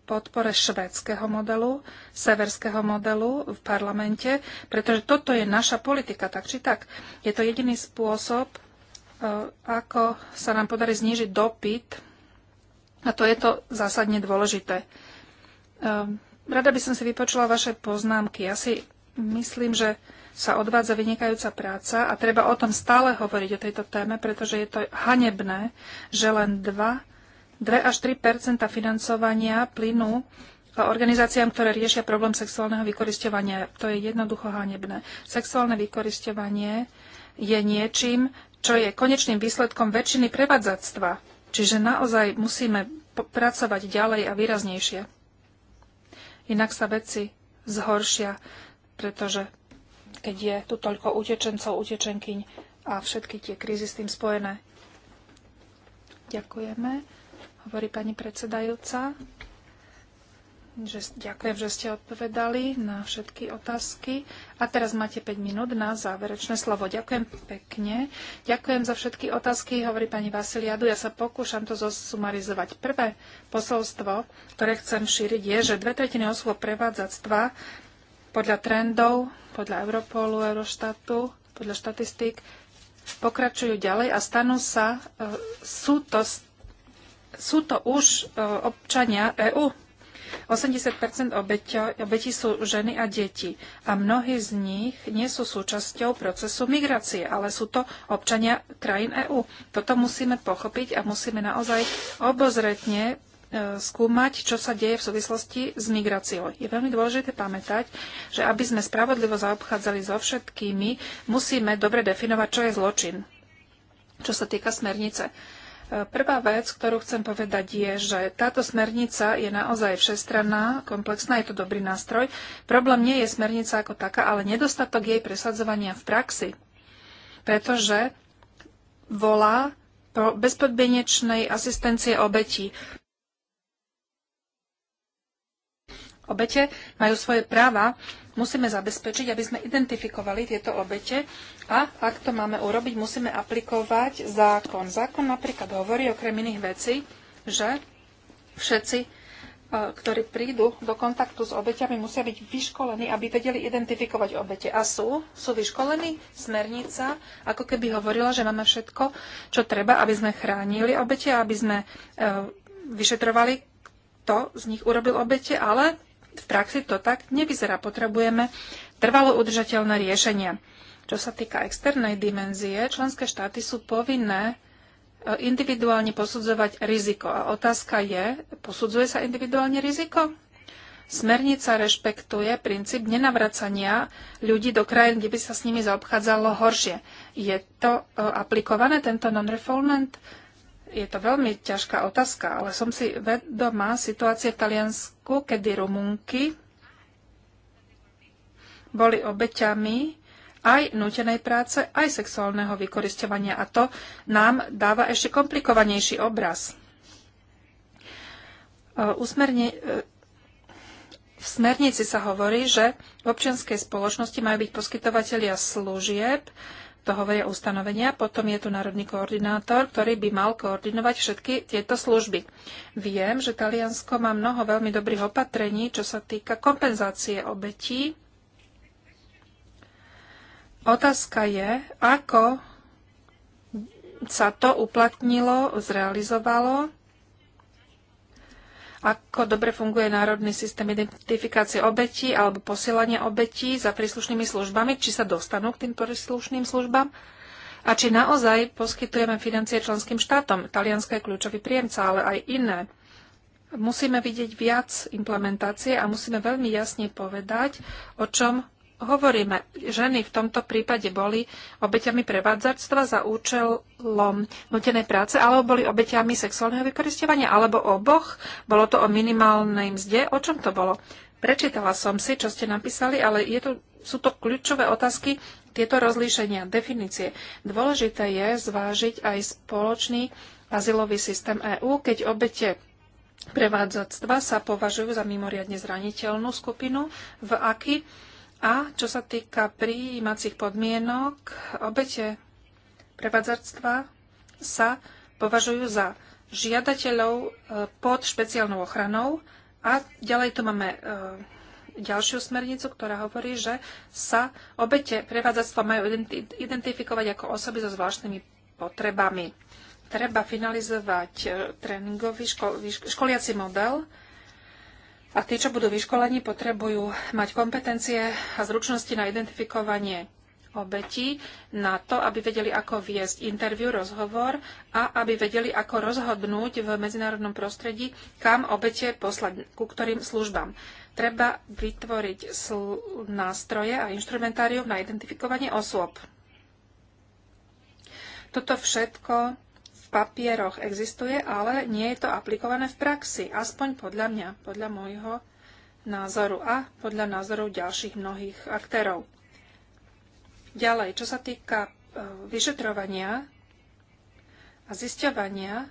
podpore švédskeho modelu, severského modelu v parlamente, pretože toto je naša politika, tak či tak. Je to jediný spôsob, e, ako sa nám podarí znížiť dopyt a to je to zásadne dôležité. Ehm, Rada by som si vypočula vaše poznámky. Ja si myslím, že sa odvádza vynikajúca práca a treba o tom stále hovoriť, o tejto téme, pretože je to hanebné, že len 2, 2 až 3 financovania plynu organizáciám, ktoré riešia problém sexuálneho vykoristovania. To je jednoducho hanebné. Sexuálne vykoristovanie je niečím, čo je konečným výsledkom väčšiny prevádzactva. Čiže naozaj musíme pracovať ďalej a výraznejšie. Inak sa veci zhoršia, pretože keď je tu toľko utečencov, utečenkyň a všetky tie krízy s tým spojené. Ďakujeme, hovorí pani predsedajúca že, ďakujem, že ste odpovedali na všetky otázky. A teraz máte 5 minút na záverečné slovo. Ďakujem pekne. Ďakujem za všetky otázky, hovorí pani Vasiliadu. Ja sa pokúšam to zosumarizovať. Prvé posolstvo, ktoré chcem šíriť, je, že dve tretiny osôb prevádzactva podľa trendov, podľa Europolu, Eurostatu, podľa štatistík, pokračujú ďalej a stanú sa, e, sú to, sú to už e, občania EÚ 80 obetí sú ženy a deti a mnohí z nich nie sú súčasťou procesu migrácie, ale sú to občania krajín EÚ. Toto musíme pochopiť a musíme naozaj obozretne e, skúmať, čo sa deje v súvislosti s migráciou. Je veľmi dôležité pamätať, že aby sme spravodlivo zaobchádzali so všetkými, musíme dobre definovať, čo je zločin, čo sa týka smernice. Prvá vec, ktorú chcem povedať, je, že táto smernica je naozaj všestranná, komplexná, je to dobrý nástroj. Problém nie je smernica ako taká, ale nedostatok jej presadzovania v praxi, pretože volá po bezpodmienečnej asistencie obetí. Obete majú svoje práva musíme zabezpečiť, aby sme identifikovali tieto obete a ak to máme urobiť, musíme aplikovať zákon. Zákon napríklad hovorí okrem iných vecí, že všetci e, ktorí prídu do kontaktu s obeťami, musia byť vyškolení, aby vedeli identifikovať obete. A sú, sú vyškolení smernica, ako keby hovorila, že máme všetko, čo treba, aby sme chránili obete, aby sme e, vyšetrovali, kto z nich urobil obete, ale v praxi to tak nevyzerá. Potrebujeme trvalo udržateľné riešenia. Čo sa týka externej dimenzie, členské štáty sú povinné e, individuálne posudzovať riziko. A otázka je, posudzuje sa individuálne riziko? Smernica rešpektuje princíp nenavracania ľudí do krajín, kde by sa s nimi zaobchádzalo horšie. Je to e, aplikované, tento non-refoulement? je to veľmi ťažká otázka, ale som si vedomá situácie v Taliansku, kedy Rumunky boli obeťami aj nutenej práce, aj sexuálneho vykoristovania. A to nám dáva ešte komplikovanejší obraz. E, Usmerne, v smernici sa hovorí, že v občianskej spoločnosti majú byť poskytovateľia služieb, to hovoria ustanovenia. Potom je tu národný koordinátor, ktorý by mal koordinovať všetky tieto služby. Viem, že Taliansko má mnoho veľmi dobrých opatrení, čo sa týka kompenzácie obetí. Otázka je, ako sa to uplatnilo, zrealizovalo ako dobre funguje národný systém identifikácie obetí alebo posielania obetí za príslušnými službami, či sa dostanú k tým príslušným službám a či naozaj poskytujeme financie členským štátom. Talianska je kľúčový príjemca, ale aj iné. Musíme vidieť viac implementácie a musíme veľmi jasne povedať, o čom hovoríme, ženy v tomto prípade boli obeťami prevádzactva za účelom nutenej práce, alebo boli obeťami sexuálneho vykoristovania, alebo oboch. Bolo to o minimálnej mzde. O čom to bolo? Prečítala som si, čo ste napísali, ale je to, sú to kľúčové otázky, tieto rozlíšenia, definície. Dôležité je zvážiť aj spoločný azylový systém EÚ, keď obete prevádzactva sa považujú za mimoriadne zraniteľnú skupinu v AKI a čo sa týka prijímacích podmienok, obete prevádzarstva sa považujú za žiadateľov e, pod špeciálnou ochranou. A ďalej tu máme e, ďalšiu smernicu, ktorá hovorí, že sa obete prevádzarstva majú identifikovať ako osoby so zvláštnymi potrebami. Treba finalizovať e, tréningový školiaci model a tí, čo budú vyškolení, potrebujú mať kompetencie a zručnosti na identifikovanie obetí, na to, aby vedeli, ako viesť interviu, rozhovor a aby vedeli, ako rozhodnúť v medzinárodnom prostredí, kam obete poslať, ku ktorým službám. Treba vytvoriť nástroje a instrumentárium na identifikovanie osôb. Toto všetko v papieroch existuje, ale nie je to aplikované v praxi, aspoň podľa mňa, podľa môjho názoru a podľa názorov ďalších mnohých aktérov. Ďalej, čo sa týka e, vyšetrovania a zisťovania,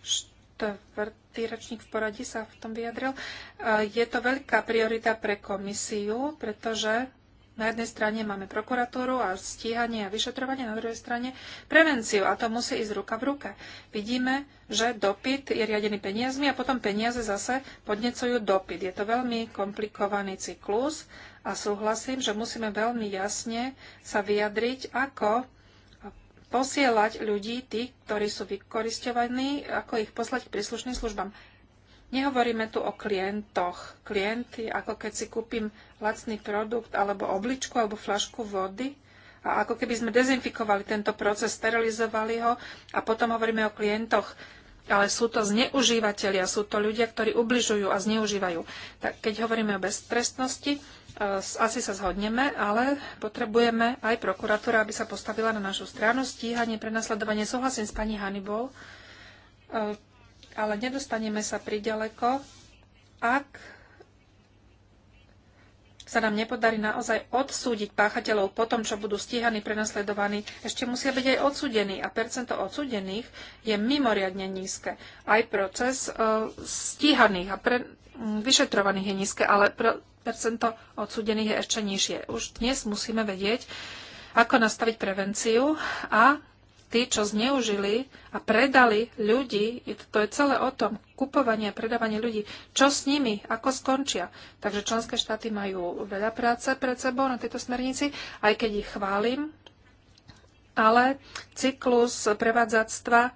štvrtý ročník v poradí sa v tom vyjadril, e, je to veľká priorita pre komisiu, pretože na jednej strane máme prokuratúru a stíhanie a vyšetrovanie, na druhej strane prevenciu a to musí ísť ruka v ruke. Vidíme, že dopyt je riadený peniazmi a potom peniaze zase podnecujú dopyt. Je to veľmi komplikovaný cyklus a súhlasím, že musíme veľmi jasne sa vyjadriť, ako posielať ľudí, tí, ktorí sú vykoristovaní, ako ich poslať k príslušným službám. Nehovoríme tu o klientoch. Klienty ako keď si kúpim lacný produkt alebo obličku alebo flašku vody a ako keby sme dezinfikovali tento proces, sterilizovali ho a potom hovoríme o klientoch. Ale sú to zneužívateľia, sú to ľudia, ktorí ubližujú a zneužívajú. Tak keď hovoríme o beztrestnosti, e, asi sa zhodneme, ale potrebujeme aj prokuratúra, aby sa postavila na našu stranu. Stíhanie, prenasledovanie, súhlasím s pani Hannibal e, ale nedostaneme sa priďaleko, ak sa nám nepodarí naozaj odsúdiť páchateľov po tom, čo budú stíhaní, prenasledovaní, ešte musia byť aj odsúdení. A percento odsúdených je mimoriadne nízke. Aj proces uh, stíhaných a pre, um, vyšetrovaných je nízke, ale pro, percento odsúdených je ešte nižšie. Už dnes musíme vedieť, ako nastaviť prevenciu a tí, čo zneužili a predali ľudí, to je celé o tom, kupovanie a predávanie ľudí, čo s nimi, ako skončia. Takže členské štáty majú veľa práce pred sebou na tejto smernici, aj keď ich chválim, ale cyklus prevádzactva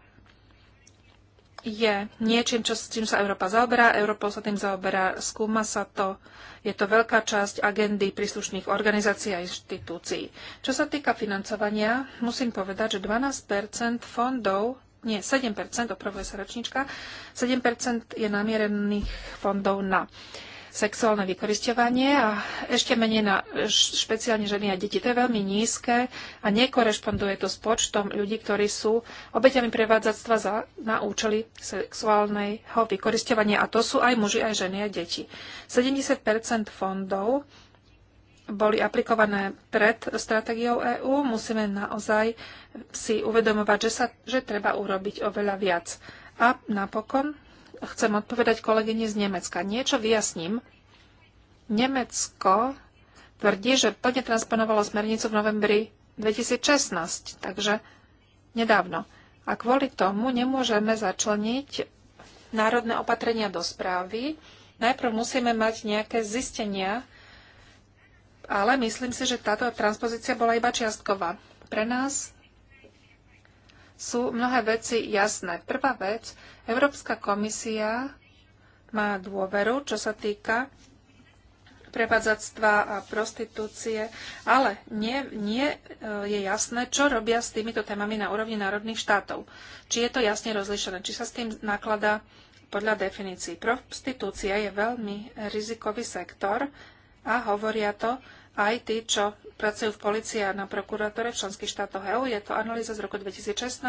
je niečím, čo, s čím sa Európa zaoberá. Európa sa tým zaoberá, skúma sa to. Je to veľká časť agendy príslušných organizácií a inštitúcií. Čo sa týka financovania, musím povedať, že 12 fondov, nie, 7 opravuje sa ročníčka, 7 je namierených fondov na uh, sexuálne vykoristovanie a ešte menej na špeciálne ženy a deti. To je veľmi nízke a nekorešponduje to s počtom ľudí, ktorí sú obeťami prevádzactva za, na účely sexuálneho vykoristovania a to sú aj muži, aj ženy a deti. 70 fondov boli aplikované pred stratégiou EÚ, musíme naozaj si uvedomovať, že, sa, že treba urobiť oveľa viac. A napokon chcem odpovedať kolegyne z Nemecka. Niečo vyjasním. Nemecko tvrdí, že plne transponovalo smernicu v novembri 2016, takže nedávno. A kvôli tomu nemôžeme začleniť národné opatrenia do správy. Najprv musíme mať nejaké zistenia, ale myslím si, že táto transpozícia bola iba čiastková. Pre nás sú mnohé veci jasné. Prvá vec, Európska komisia má dôveru, čo sa týka prevádzactva a prostitúcie, ale nie, nie e, je jasné, čo robia s týmito témami na úrovni národných štátov. Či je to jasne rozlišené, či sa s tým naklada podľa definícií. Prostitúcia je veľmi rizikový sektor a hovoria to aj tí, čo pracujú v policii a na prokuratúre v členských štátoch EÚ. Je to analýza z roku 2016.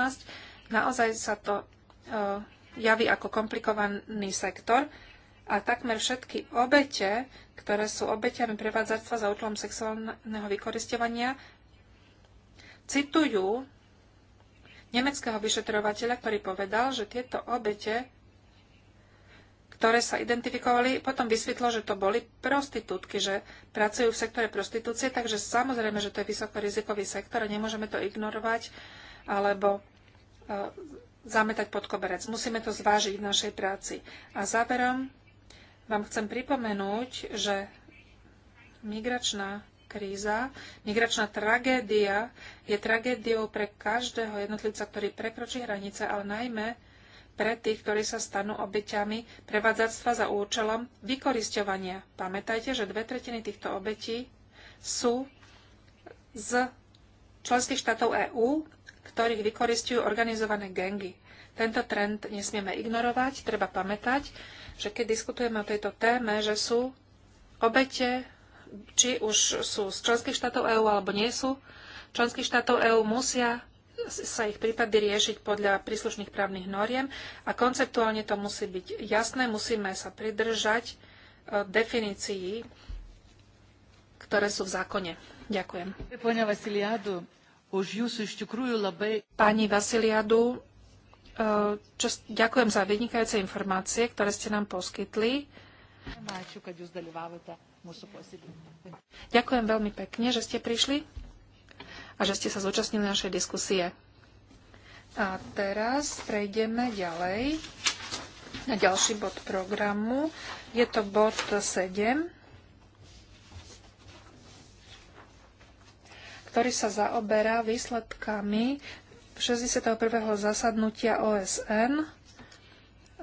Naozaj sa to uh, javí ako komplikovaný sektor a takmer všetky obete, ktoré sú obeťami prevádzarstva za účelom sexuálneho vykoristovania, citujú nemeckého vyšetrovateľa, ktorý povedal, že tieto obete ktoré sa identifikovali, potom vysvetlo, že to boli prostitútky, že pracujú v sektore prostitúcie, takže samozrejme, že to je vysokorizikový sektor a nemôžeme to ignorovať alebo e, zametať pod koberec. Musíme to zvážiť v našej práci. A záverom vám chcem pripomenúť, že migračná kríza, migračná tragédia je tragédiou pre každého jednotlivca, ktorý prekročí hranice, ale najmä pre tých, ktorí sa stanú obeťami prevádzactva za účelom vykorisťovania. Pamätajte, že dve tretiny týchto obetí sú z členských štátov EÚ, ktorých vykoristujú organizované gengy. Tento trend nesmieme ignorovať, treba pamätať, že keď diskutujeme o tejto téme, že sú obete, či už sú z členských štátov EÚ alebo nie sú, členských štátov EÚ musia sa ich prípady riešiť podľa príslušných právnych noriem a konceptuálne to musí byť jasné, musíme sa pridržať e, definícií, ktoré sú v zákone. Ďakujem. Pani Vasiliadu, e, čo, ďakujem za vynikajúce informácie, ktoré ste nám poskytli. Ďakujem veľmi pekne, že ste prišli a že ste sa zúčastnili našej diskusie. A teraz prejdeme ďalej na ďalší bod programu. Je to bod 7, ktorý sa zaoberá výsledkami 61. zasadnutia OSN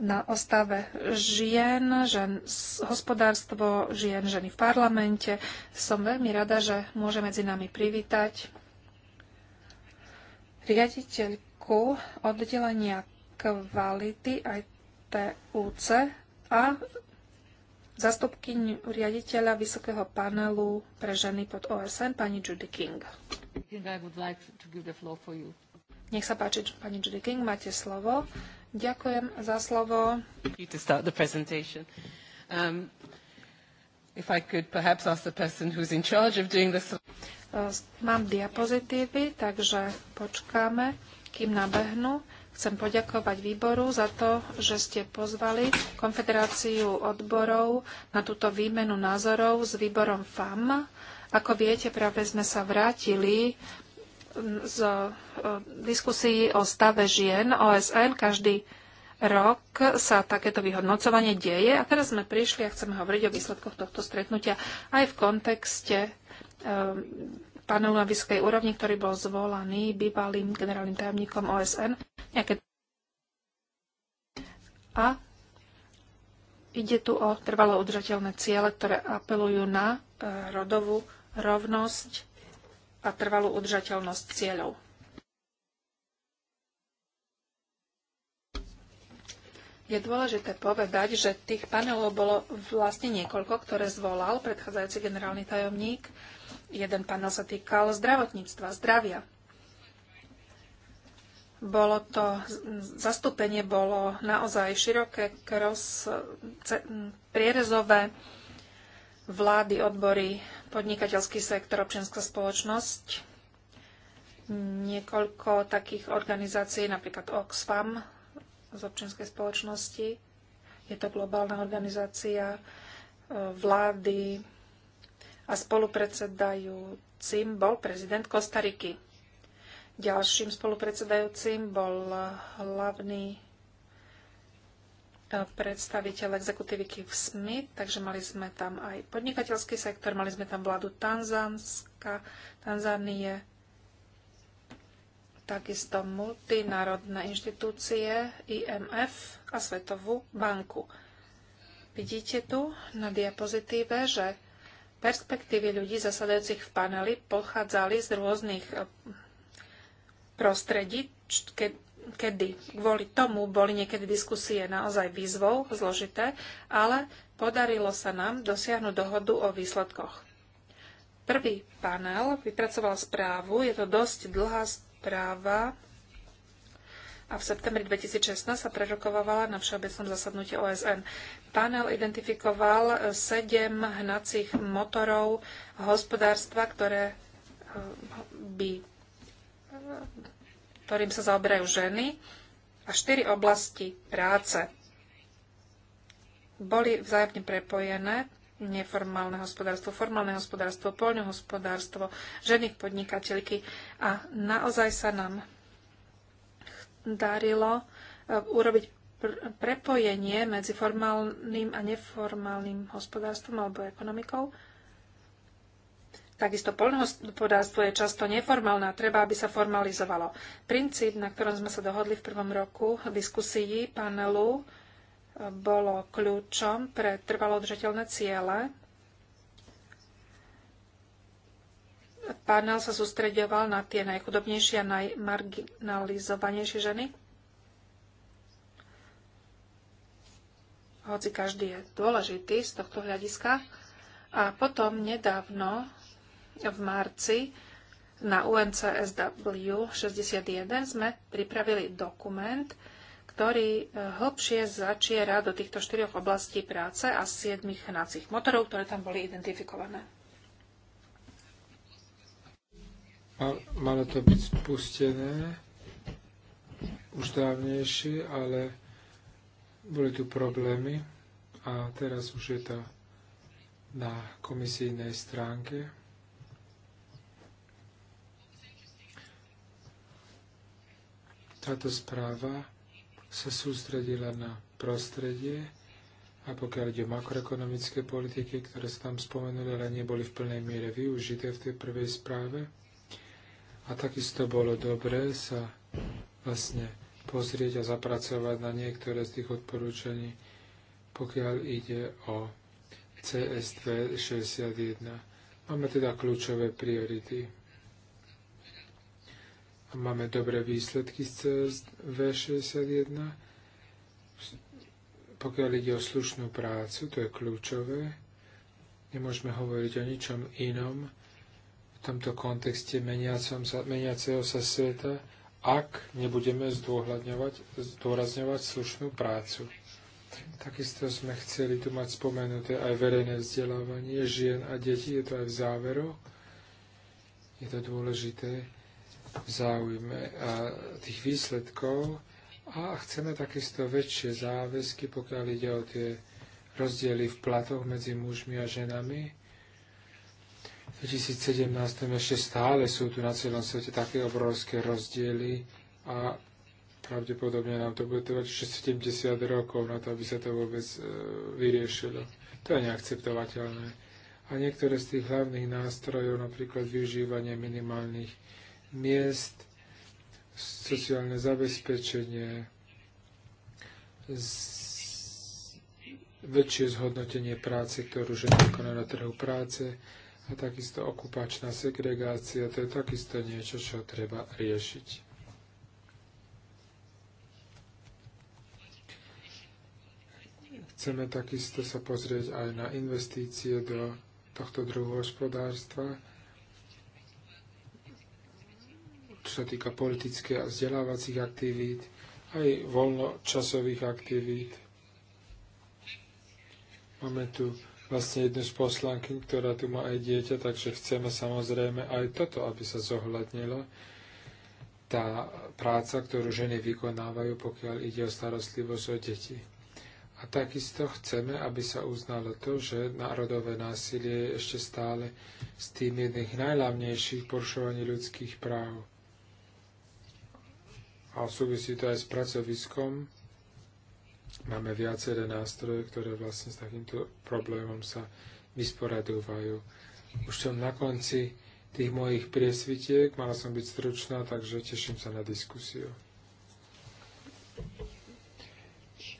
na ostave žien, žen, hospodárstvo žien, ženy v parlamente. Som veľmi rada, že môže medzi nami privítať riaditeľku oddelenia kvality ITUC a zastupkyňu riaditeľa Vysokého panelu pre ženy pod OSN, pani Judy King. Nech sa páči, pani Judy King, máte slovo. Ďakujem za slovo. Um, if I could perhaps ask the person who's in charge of doing this. Mám diapozitívy, takže počkáme, kým nabehnú. Chcem poďakovať výboru za to, že ste pozvali Konfederáciu odborov na túto výmenu názorov s výborom FAM. Ako viete, práve sme sa vrátili z e, diskusii o stave žien OSN. Každý rok sa takéto vyhodnocovanie deje a teraz sme prišli a chceme hovoriť o výsledkoch tohto stretnutia aj v kontekste Ehm, panelu na vysokej úrovni, ktorý bol zvolaný bývalým generálnym tajomníkom OSN. Nejaké... A ide tu o trvalo udržateľné ciele, ktoré apelujú na e, rodovú rovnosť a trvalú udržateľnosť cieľov. Je dôležité povedať, že tých panelov bolo vlastne niekoľko, ktoré zvolal predchádzajúci generálny tajomník Jeden panel sa týkal zdravotníctva, zdravia. Bolo to, zastúpenie bolo naozaj široké, kros, prierezové, vlády, odbory, podnikateľský sektor, občianská spoločnosť, niekoľko takých organizácií, napríklad Oxfam z občianskej spoločnosti, je to globálna organizácia, e, vlády, a spolupredsedajúcim bol prezident Kostariky. Ďalším spolupredsedajúcim bol hlavný e, predstaviteľ exekutívy Kiv Smith, takže mali sme tam aj podnikateľský sektor, mali sme tam vládu Tanzánska, Tanzánie, takisto multinárodné inštitúcie, IMF a Svetovú banku. Vidíte tu na diapozitíve, že Perspektívy ľudí zasadajúcich v paneli pochádzali z rôznych eh, prostredí, kedy kvôli tomu boli niekedy diskusie naozaj výzvou, zložité, ale podarilo sa nám dosiahnuť dohodu o výsledkoch. Prvý panel vypracoval správu, je to dosť dlhá správa, a v septembri 2016 sa prerokovala na Všeobecnom zasadnutí OSN. Panel identifikoval e, sedem hnacích motorov hospodárstva, ktoré e, by, e, ktorým sa zaoberajú ženy a štyri oblasti práce. Boli vzájomne prepojené, neformálne hospodárstvo, formálne hospodárstvo, poľnohospodárstvo, ženy podnikateľky a naozaj sa nám darilo e, urobiť prepojenie medzi formálnym a neformálnym hospodárstvom alebo ekonomikou. Takisto poľnohospodárstvo je často neformálne a treba, aby sa formalizovalo. Princíp, na ktorom sme sa dohodli v prvom roku diskusii panelu, e, bolo kľúčom pre trvalo udržateľné ciele panel sa sústredoval na tie najchudobnejšie a najmarginalizovanejšie ženy? Hoci každý je dôležitý z tohto hľadiska. A potom nedávno, v marci, na UNCSW 61 sme pripravili dokument, ktorý e, hlbšie začiera do týchto štyroch oblastí práce a siedmých hnacích motorov, ktoré tam boli identifikované. Malo to byť spustené už dávnejšie, ale boli tu problémy a teraz už je to na komisijnej stránke. Táto správa sa sústredila na prostredie a pokiaľ ide o makroekonomické politiky, ktoré sa tam spomenuli, ale neboli v plnej miere využité v tej prvej správe, a takisto bolo dobré sa vlastne pozrieť a zapracovať na niektoré z tých odporúčaní, pokiaľ ide o CSV 61. Máme teda kľúčové priority. máme dobré výsledky z CSV 61 pokiaľ ide o slušnú prácu, to je kľúčové. Nemôžeme hovoriť o ničom inom, tomto kontexte meniaceho sa sveta, ak nebudeme zdôrazňovať slušnú prácu. Takisto sme chceli tu mať spomenuté aj verejné vzdelávanie žien a detí, je to aj v záveru. Je to dôležité v záujme tých výsledkov a chceme takisto väčšie záväzky, pokiaľ ide o tie rozdiely v platoch medzi mužmi a ženami 2017 ešte stále sú tu na celom svete také obrovské rozdiely a pravdepodobne nám to bude trvať 70 rokov na to, aby sa to vôbec e, vyriešilo. To je neakceptovateľné. A niektoré z tých hlavných nástrojov, napríklad využívanie minimálnych miest, sociálne zabezpečenie, z... väčšie zhodnotenie práce, ktorú ženy vykonajú na trhu práce, a takisto okupačná segregácia, to je takisto niečo, čo treba riešiť. Chceme takisto sa pozrieť aj na investície do tohto druhu hospodárstva, čo sa týka politických a vzdelávacích aktivít, aj voľnočasových aktivít. Máme tu vlastne jednu z poslanky, ktorá tu má aj dieťa, takže chceme samozrejme aj toto, aby sa zohľadnila tá práca, ktorú ženy vykonávajú, pokiaľ ide o starostlivosť o deti. A takisto chceme, aby sa uznalo to, že národové násilie je ešte stále s tým jedných najľavnejších porušovaní ľudských práv. A súvisí to aj s pracoviskom, Máme viaceré nástroje, ktoré vlastne s takýmto problémom sa vysporadujú. Už som na konci tých mojich priesvitiek, mala som byť stručná, takže teším sa na diskusiu.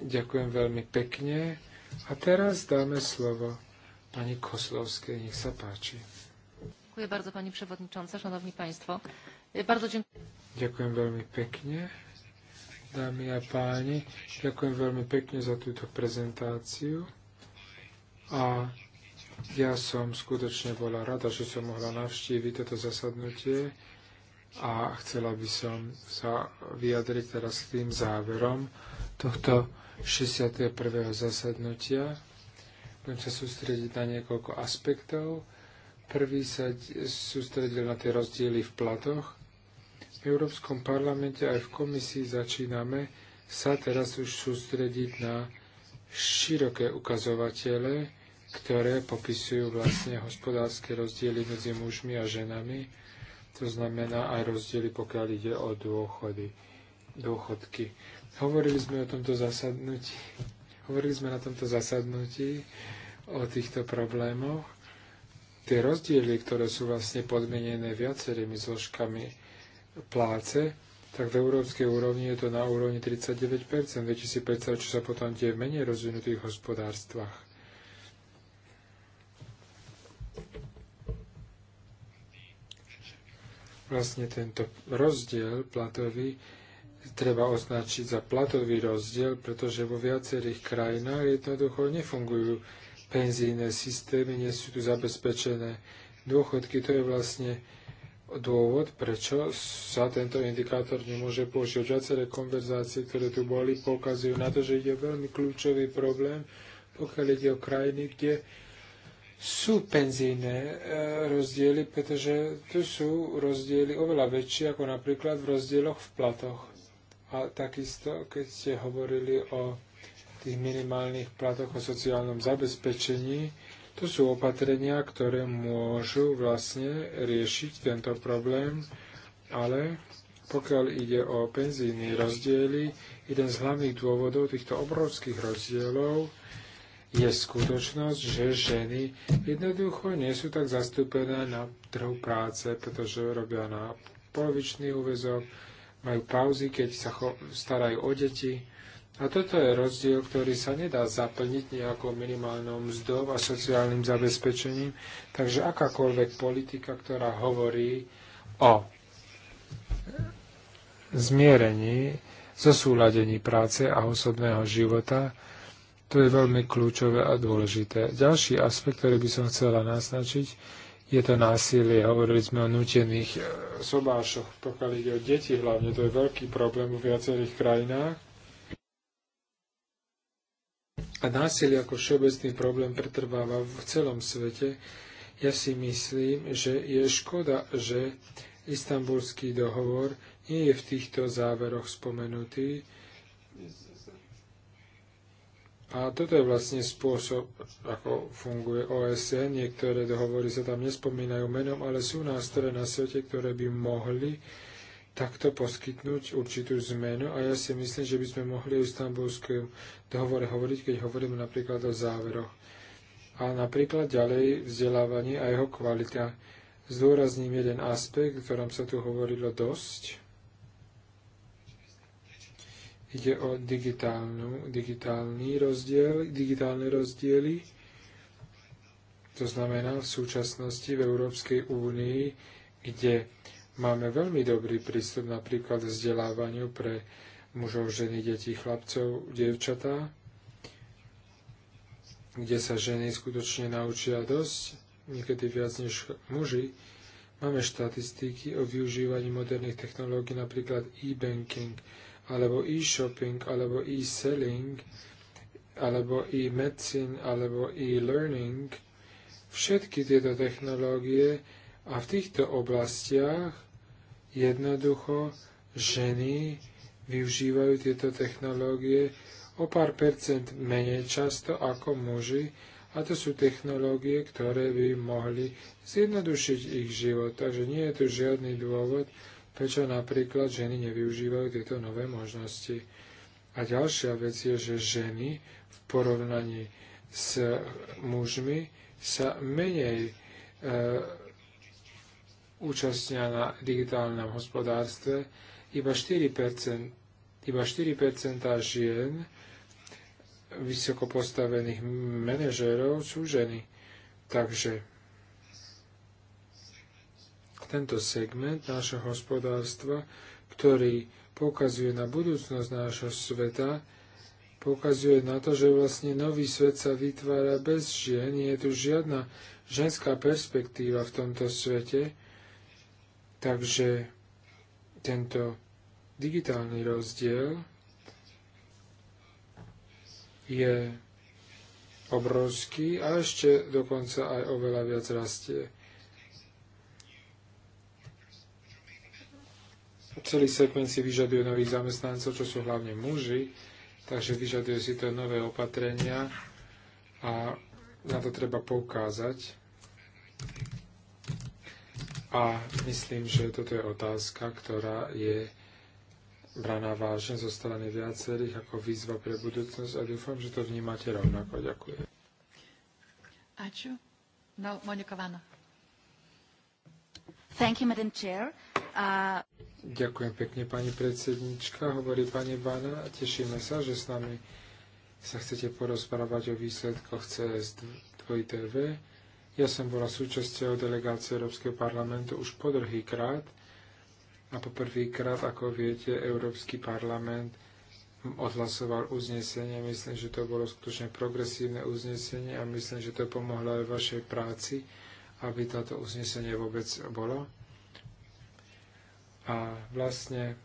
Ďakujem veľmi pekne. A teraz dáme slovo pani Koslovskej. Nech sa páči. Ďakujem bardzo pani przewodnicząca, szanowni państwo. Bardzo dziękuję. Ďakujem veľmi pekne dámy a páni. Ďakujem veľmi pekne za túto prezentáciu. A ja som skutočne bola rada, že som mohla navštíviť toto zasadnutie a chcela by som sa vyjadriť teraz k tým záverom tohto 61. zasadnutia. Budem sa sústrediť na niekoľko aspektov. Prvý sa sústredil na tie rozdiely v platoch. Európskom parlamente aj v komisii začíname sa teraz už sústrediť na široké ukazovatele, ktoré popisujú vlastne hospodárske rozdiely medzi mužmi a ženami. To znamená aj rozdiely, pokiaľ ide o dôchody, dôchodky. Hovorili sme o tomto zasadnutí. Hovorili sme na tomto zasadnutí o týchto problémoch. Tie rozdiely, ktoré sú vlastne podmenené viacerými zložkami pláce, tak v európskej úrovni je to na úrovni 39%. Viete si predstaviť, čo sa potom deje v menej rozvinutých hospodárstvách. Vlastne tento rozdiel platový treba označiť za platový rozdiel, pretože vo viacerých krajinách jednoducho nefungujú penzijné systémy, nie sú tu zabezpečené dôchodky. To je vlastne dôvod, prečo sa tento indikátor nemôže použiť. Viaceré konverzácie, ktoré tu boli, poukazujú na to, že ide veľmi kľúčový problém, pokiaľ ide o krajiny, kde sú penzíne rozdiely, pretože tu sú rozdiely oveľa väčšie ako napríklad v rozdieloch v platoch. A takisto, keď ste hovorili o tých minimálnych platoch, o sociálnom zabezpečení, to sú opatrenia, ktoré môžu vlastne riešiť tento problém, ale pokiaľ ide o penzíny rozdiely, jeden z hlavných dôvodov týchto obrovských rozdielov je skutočnosť, že ženy jednoducho nie sú tak zastúpené na trhu práce, pretože robia na polovičný úvezok, majú pauzy, keď sa starajú o deti a toto je rozdiel, ktorý sa nedá zaplniť nejakou minimálnou mzdou a sociálnym zabezpečením. Takže akákoľvek politika, ktorá hovorí o zmierení, zosúladení práce a osobného života, to je veľmi kľúčové a dôležité. Ďalší aspekt, ktorý by som chcela naznačiť, je to násilie. Hovorili sme o nutených e, sobášoch, pokiaľ ide o deti hlavne. To je veľký problém v viacerých krajinách a násilie ako všeobecný problém pretrváva v celom svete. Ja si myslím, že je škoda, že istambulský dohovor nie je v týchto záveroch spomenutý. A toto je vlastne spôsob, ako funguje OSN. Niektoré dohovory sa tam nespomínajú menom, ale sú nástroje na svete, ktoré by mohli takto poskytnúť určitú zmenu a ja si myslím, že by sme mohli o istambulskom dohovore hovoriť, keď hovoríme napríklad o záveroch. A napríklad ďalej vzdelávanie a jeho kvalita. Zdôrazním jeden aspekt, o ktorom sa tu hovorilo dosť. Ide o digitálnu, digitálny rozdiel, digitálne rozdiely. To znamená v súčasnosti v Európskej únii, kde Máme veľmi dobrý prístup napríklad vzdelávaniu pre mužov, ženy, detí, chlapcov, dievčatá, kde sa ženy skutočne naučia dosť, niekedy viac než muži. Máme štatistiky o využívaní moderných technológií, napríklad e-banking, alebo e-shopping, alebo e-selling, alebo e-medicine, alebo e-learning. Všetky tieto technológie a v týchto oblastiach Jednoducho ženy využívajú tieto technológie o pár percent menej často ako muži a to sú technológie, ktoré by mohli zjednodušiť ich život. Takže nie je tu žiadny dôvod, prečo napríklad ženy nevyužívajú tieto nové možnosti. A ďalšia vec je, že ženy v porovnaní s mužmi sa menej e, účastnia na digitálnom hospodárstve, iba 4%, iba 4 žien vysoko postavených manažérov sú ženy. Takže tento segment nášho hospodárstva, ktorý poukazuje na budúcnosť nášho sveta, poukazuje na to, že vlastne nový svet sa vytvára bez žien. Nie je tu žiadna ženská perspektíva v tomto svete Takže tento digitálny rozdiel je obrovský a ešte dokonca aj oveľa viac rastie. Celý segment si vyžaduje nových zamestnancov, čo sú hlavne muži, takže vyžaduje si to nové opatrenia a na to treba poukázať. A myslím, že toto je otázka, ktorá je braná vážne zo strany viacerých ako výzva pre budúcnosť a dúfam, že to vnímate rovnako. Ďakujem. Aču? No, Monika Vána. Thank you, Madam Chair. Uh... Ďakujem pekne, pani predsednička, hovorí pani Vána. Tešíme sa, že s nami sa chcete porozprávať o výsledkoch CS2TV. Ja som bola súčasťou delegácie Európskeho parlamentu už po krát a po krát, ako viete, Európsky parlament odhlasoval uznesenie. Myslím, že to bolo skutočne progresívne uznesenie a myslím, že to pomohlo aj vašej práci, aby táto uznesenie vôbec bolo. A vlastne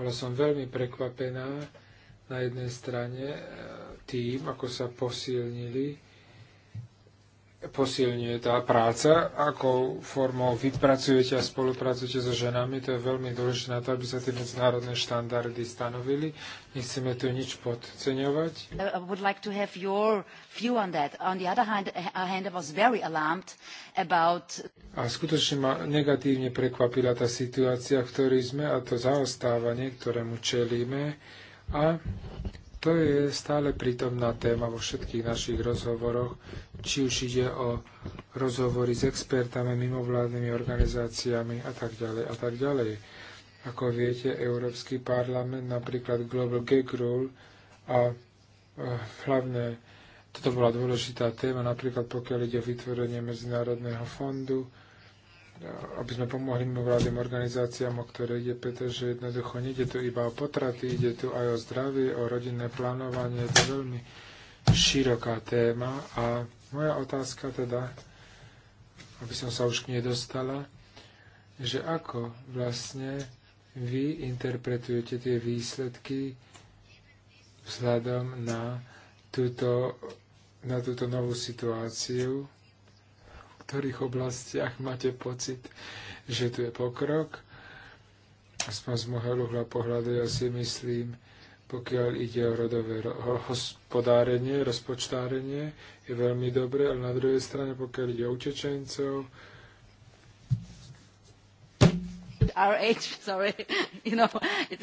bola som veľmi prekvapená na jednej strane eh, tým, ako sa posilnili posilňuje tá práca, ako formou vypracujete a spolupracujete so ženami. To je veľmi dôležité na to, aby sa tie medzinárodné štandardy stanovili. Nechceme tu nič podceňovať. I would like to have your view on that. On the other hand, I was very alarmed about... A skutočne ma negatívne prekvapila tá situácia, v ktorej sme a to zaostávanie, ktorému čelíme. A to je stále prítomná téma vo všetkých našich rozhovoroch, či už ide o rozhovory s expertami, mimovládnymi organizáciami a tak ďalej a tak ďalej. Ako viete, Európsky parlament, napríklad Global Gag Rule a e, hlavne, toto bola dôležitá téma, napríklad pokiaľ ide o vytvorenie Medzinárodného fondu, aby sme pomohli mimovládnym organizáciám, o ktoré ide, pretože jednoducho nejde tu iba o potraty, ide tu aj o zdravie, o rodinné plánovanie, je to veľmi široká téma a moja otázka teda, aby som sa už k nej dostala, že ako vlastne vy interpretujete tie výsledky vzhľadom na túto, na túto novú situáciu, ktorých oblastiach máte pocit, že tu je pokrok. Aspoň z môjho ruhla pohľadu ja si myslím, pokiaľ ide o rodové ro- hospodárenie, rozpočtárenie, je veľmi dobré, ale na druhej strane, pokiaľ ide o utečencov, our age, sorry, you know, it,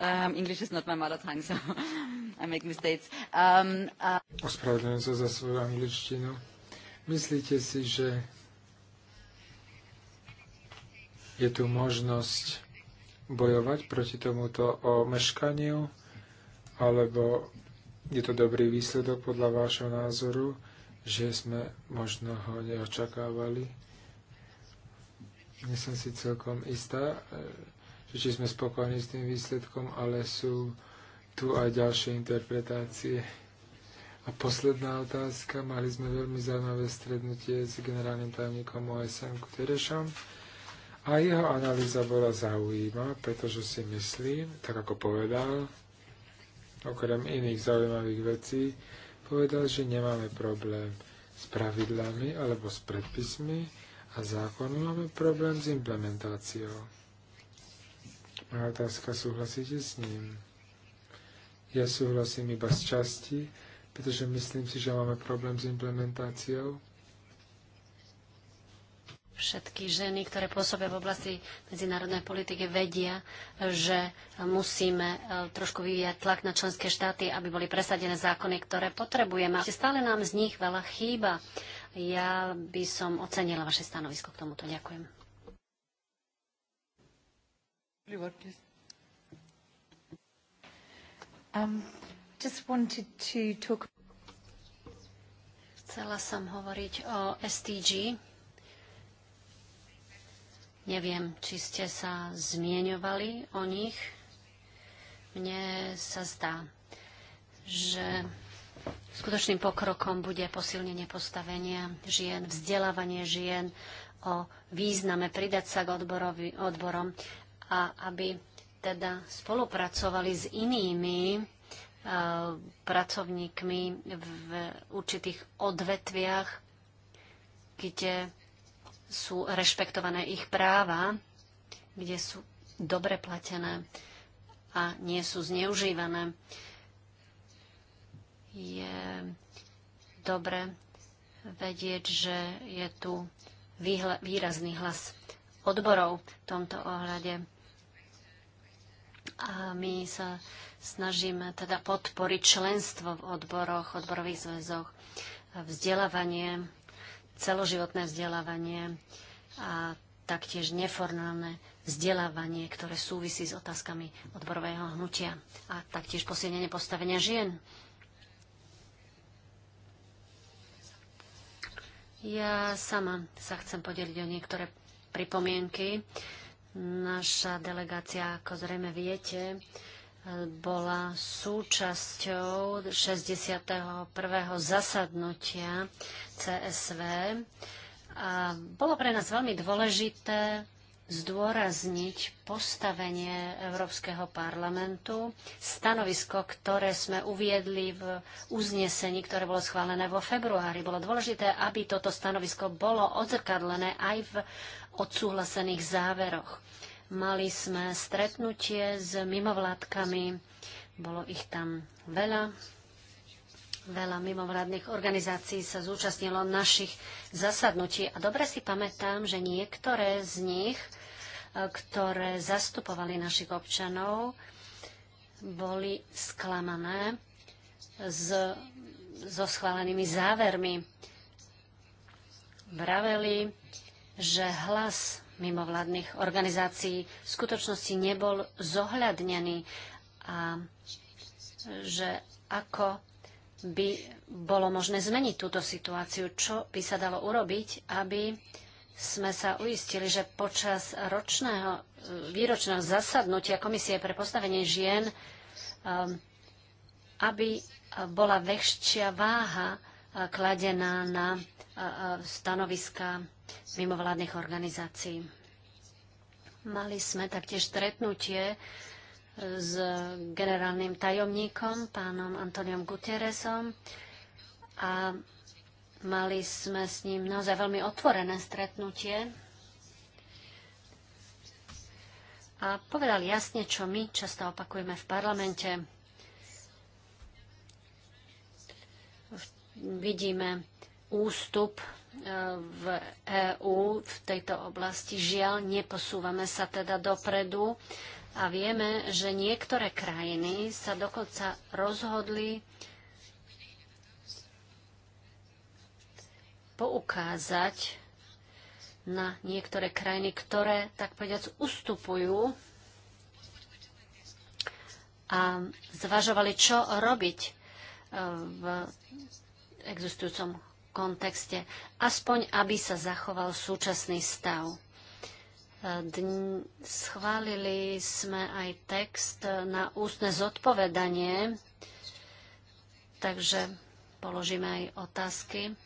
um, English is not my mother tongue, so I make mistakes. Um, uh... Ospravedlňujem sa za svoju angličtinu. Myslíte si, že je tu možnosť bojovať proti tomuto omeškaniu, alebo je to dobrý výsledok podľa vášho názoru, že sme možno ho neočakávali? Nie som si celkom istá, že či sme spokojní s tým výsledkom, ale sú tu aj ďalšie interpretácie. A posledná otázka. Mali sme veľmi zaujímavé stretnutie s generálnym tajomníkom OSN Kuterešom. A jeho analýza bola zaujímavá, pretože si myslím, tak ako povedal, okrem iných zaujímavých vecí, povedal, že nemáme problém s pravidlami alebo s predpismi a zákonom, máme problém s implementáciou. Moja otázka, súhlasíte s ním? Ja súhlasím iba z časti, pretože myslím si, že máme problém s implementáciou. Všetky ženy, ktoré pôsobia v oblasti medzinárodnej politiky, vedia, že musíme e, trošku vyvíjať tlak na členské štáty, aby boli presadené zákony, ktoré potrebujeme. A stále nám z nich veľa chýba. Ja by som ocenila vaše stanovisko k tomuto. Ďakujem. Um, just wanted to talk... Chcela som hovoriť o STG. Neviem, či ste sa zmieňovali o nich. Mne sa zdá, že skutočným pokrokom bude posilnenie postavenia žien, vzdelávanie žien o význame pridať sa k odborom a aby teda spolupracovali s inými Eh, pracovníkmi v určitých odvetviach, kde sú rešpektované ich práva, kde sú dobre platené a nie sú zneužívané. Je dobre vedieť, že je tu výrazný hlas odborov v tomto ohľade a my sa snažíme teda podporiť členstvo v odboroch, odborových zväzoch, vzdelávanie, celoživotné vzdelávanie a taktiež neformálne vzdelávanie, ktoré súvisí s otázkami odborového hnutia a taktiež posilnenie postavenia žien. Ja sama sa chcem podeliť o niektoré pripomienky Naša delegácia, ako zrejme viete, bola súčasťou 61. zasadnutia CSV a bolo pre nás veľmi dôležité zdôrazniť postavenie Európskeho parlamentu, stanovisko, ktoré sme uviedli v uznesení, ktoré bolo schválené vo februári. Bolo dôležité, aby toto stanovisko bolo odzrkadlené aj v odsúhlasených záveroch. Mali sme stretnutie s mimovládkami, bolo ich tam veľa, veľa mimovládnych organizácií sa zúčastnilo našich zasadnutí a dobre si pamätám, že niektoré z nich, e, ktoré zastupovali našich občanov, boli sklamané z, so schválenými závermi. Vraveli, že hlas mimovládnych organizácií v skutočnosti nebol zohľadnený a že ako by bolo možné zmeniť túto situáciu? Čo by sa dalo urobiť, aby sme sa uistili, že počas ročného, výročného zasadnutia Komisie pre postavenie žien, um, aby bola väčšia váha uh, kladená na uh, uh, stanoviska mimovládnych organizácií. Mali sme taktiež stretnutie s generálnym tajomníkom, pánom Antoniom Guterresom a mali sme s ním naozaj veľmi otvorené stretnutie a povedal jasne, čo my často opakujeme v parlamente. Vidíme ústup e, v EÚ v tejto oblasti. Žiaľ, neposúvame sa teda dopredu a vieme, že niektoré krajiny sa dokonca rozhodli poukázať na niektoré krajiny, ktoré, tak povediac, ustupujú a zvažovali, čo robiť e, v existujúcom kontexte, aspoň aby sa zachoval súčasný stav schválili sme aj text na ústne zodpovedanie, takže položíme aj otázky.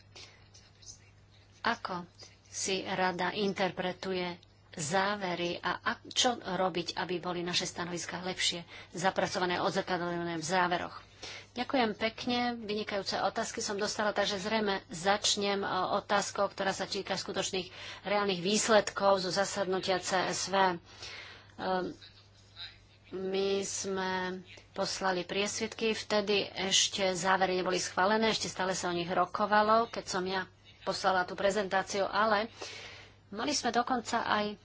Ako si rada interpretuje závery a čo robiť, aby boli naše stanoviská lepšie zapracované, odzrkadlené v záveroch? Ďakujem pekne. Vynikajúce otázky som dostala, takže zrejme začnem e, otázkou, ktorá sa týka skutočných reálnych výsledkov zo zasadnutia CSV. E, my sme poslali priesvitky, vtedy ešte závery neboli schválené, ešte stále sa o nich rokovalo, keď som ja poslala tú prezentáciu, ale mali sme dokonca aj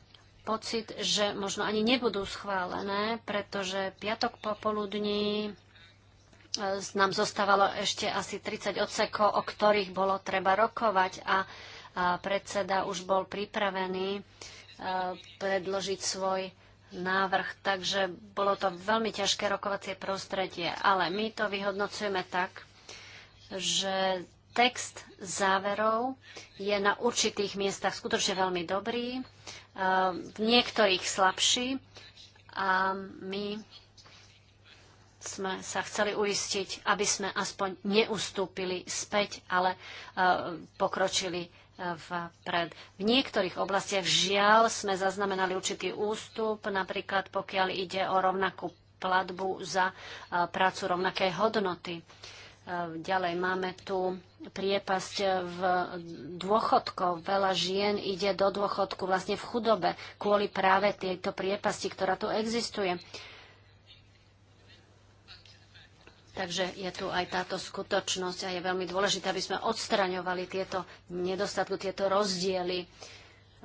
pocit, že možno ani nebudú schválené, pretože piatok popoludní nám zostávalo ešte asi 30 odsekov, o ktorých bolo treba rokovať a predseda už bol pripravený e, predložiť svoj návrh, takže bolo to veľmi ťažké rokovacie prostredie, ale my to vyhodnocujeme tak, že text záverov je na určitých miestach skutočne veľmi dobrý, e, v niektorých slabší a my sme sa chceli uistiť, aby sme aspoň neustúpili späť, ale e, pokročili e, vpred. V niektorých oblastiach žiaľ sme zaznamenali určitý ústup, napríklad pokiaľ ide o rovnakú platbu za e, prácu rovnakej hodnoty. Ďalej máme tu priepasť v dôchodkov. Veľa žien ide do dôchodku vlastne v chudobe kvôli práve tejto priepasti, ktorá tu existuje. Takže je tu aj táto skutočnosť a je veľmi dôležité, aby sme odstraňovali tieto nedostatky, tieto rozdiely,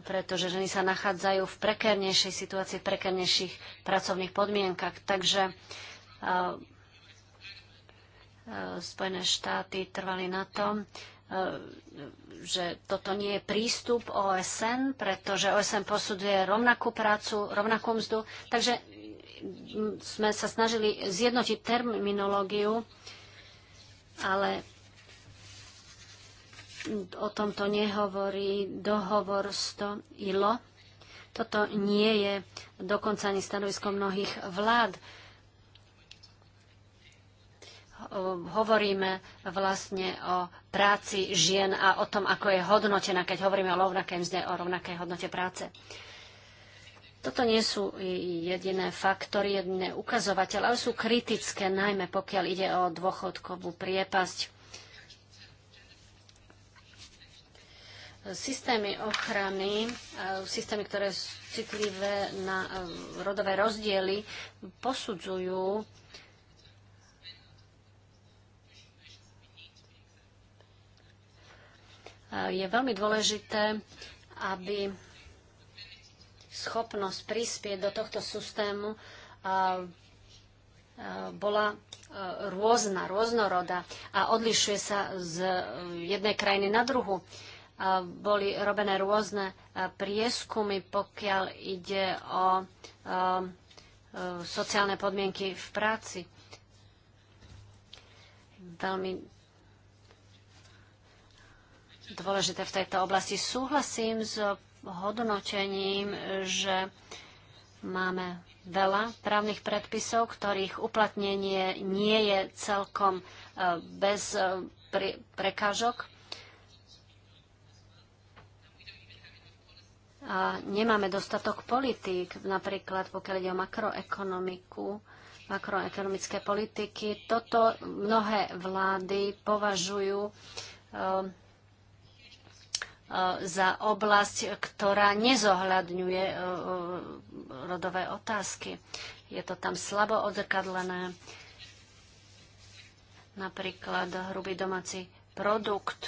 pretože ženy sa nachádzajú v prekernejšej situácii, v prekernejších pracovných podmienkach. Takže uh, uh, Spojené štáty trvali na tom, že toto nie je prístup OSN, pretože OSN posuduje rovnakú prácu, rovnakú mzdu, takže sme sa snažili zjednotiť terminológiu, ale o tomto nehovorí dohovor 100 ILO. Toto nie je dokonca ani stanovisko mnohých vlád. Hovoríme vlastne o práci žien a o tom, ako je hodnotená, keď hovoríme o rovnakej mzde, o rovnakej hodnote práce. Toto nie sú jediné faktory, jediné ukazovateľ, ale sú kritické, najmä pokiaľ ide o dôchodkovú priepasť. Systémy ochrany, systémy, ktoré sú citlivé na e, rodové rozdiely, posudzujú e, je veľmi dôležité, aby schopnosť prispieť do tohto systému bola rôzna, rôznorodá a odlišuje sa z e, jednej krajiny na druhu. Boli robené rôzne e, prieskumy, pokiaľ ide o e, sociálne podmienky v práci. Veľmi dôležité v tejto oblasti. Súhlasím s hodnotením, že máme veľa právnych predpisov, ktorých uplatnenie nie je celkom e, bez e, prekážok. A nemáme dostatok politík, napríklad pokiaľ ide o makroekonomiku, makroekonomické politiky. Toto mnohé vlády považujú e, za oblasť, ktorá nezohľadňuje e, e, rodové otázky. Je to tam slabo odzrkadlené. Napríklad hrubý domáci produkt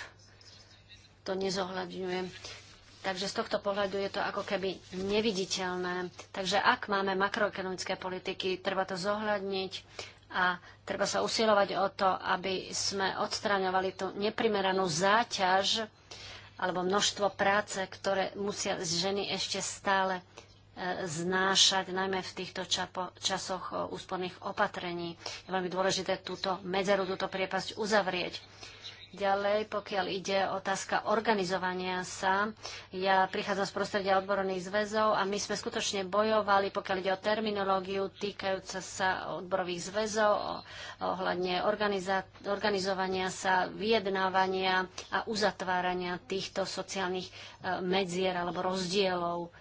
to nezohľadňuje. Takže z tohto pohľadu je to ako keby neviditeľné. Takže ak máme makroekonomické politiky, treba to zohľadniť a treba sa usilovať o to, aby sme odstraňovali tú neprimeranú záťaž alebo množstvo práce, ktoré musia ženy ešte stále e, znášať, najmä v týchto čapo, časoch e, úsporných opatrení. Je veľmi dôležité túto medzeru, túto priepasť uzavrieť. Ďalej, pokiaľ ide otázka organizovania sa, ja prichádzam z prostredia odborných zväzov a my sme skutočne bojovali, pokiaľ ide o terminológiu týkajúca sa odborových zväzov, ohľadne organizovania sa, vyjednávania a uzatvárania týchto sociálnych e, medzier alebo rozdielov.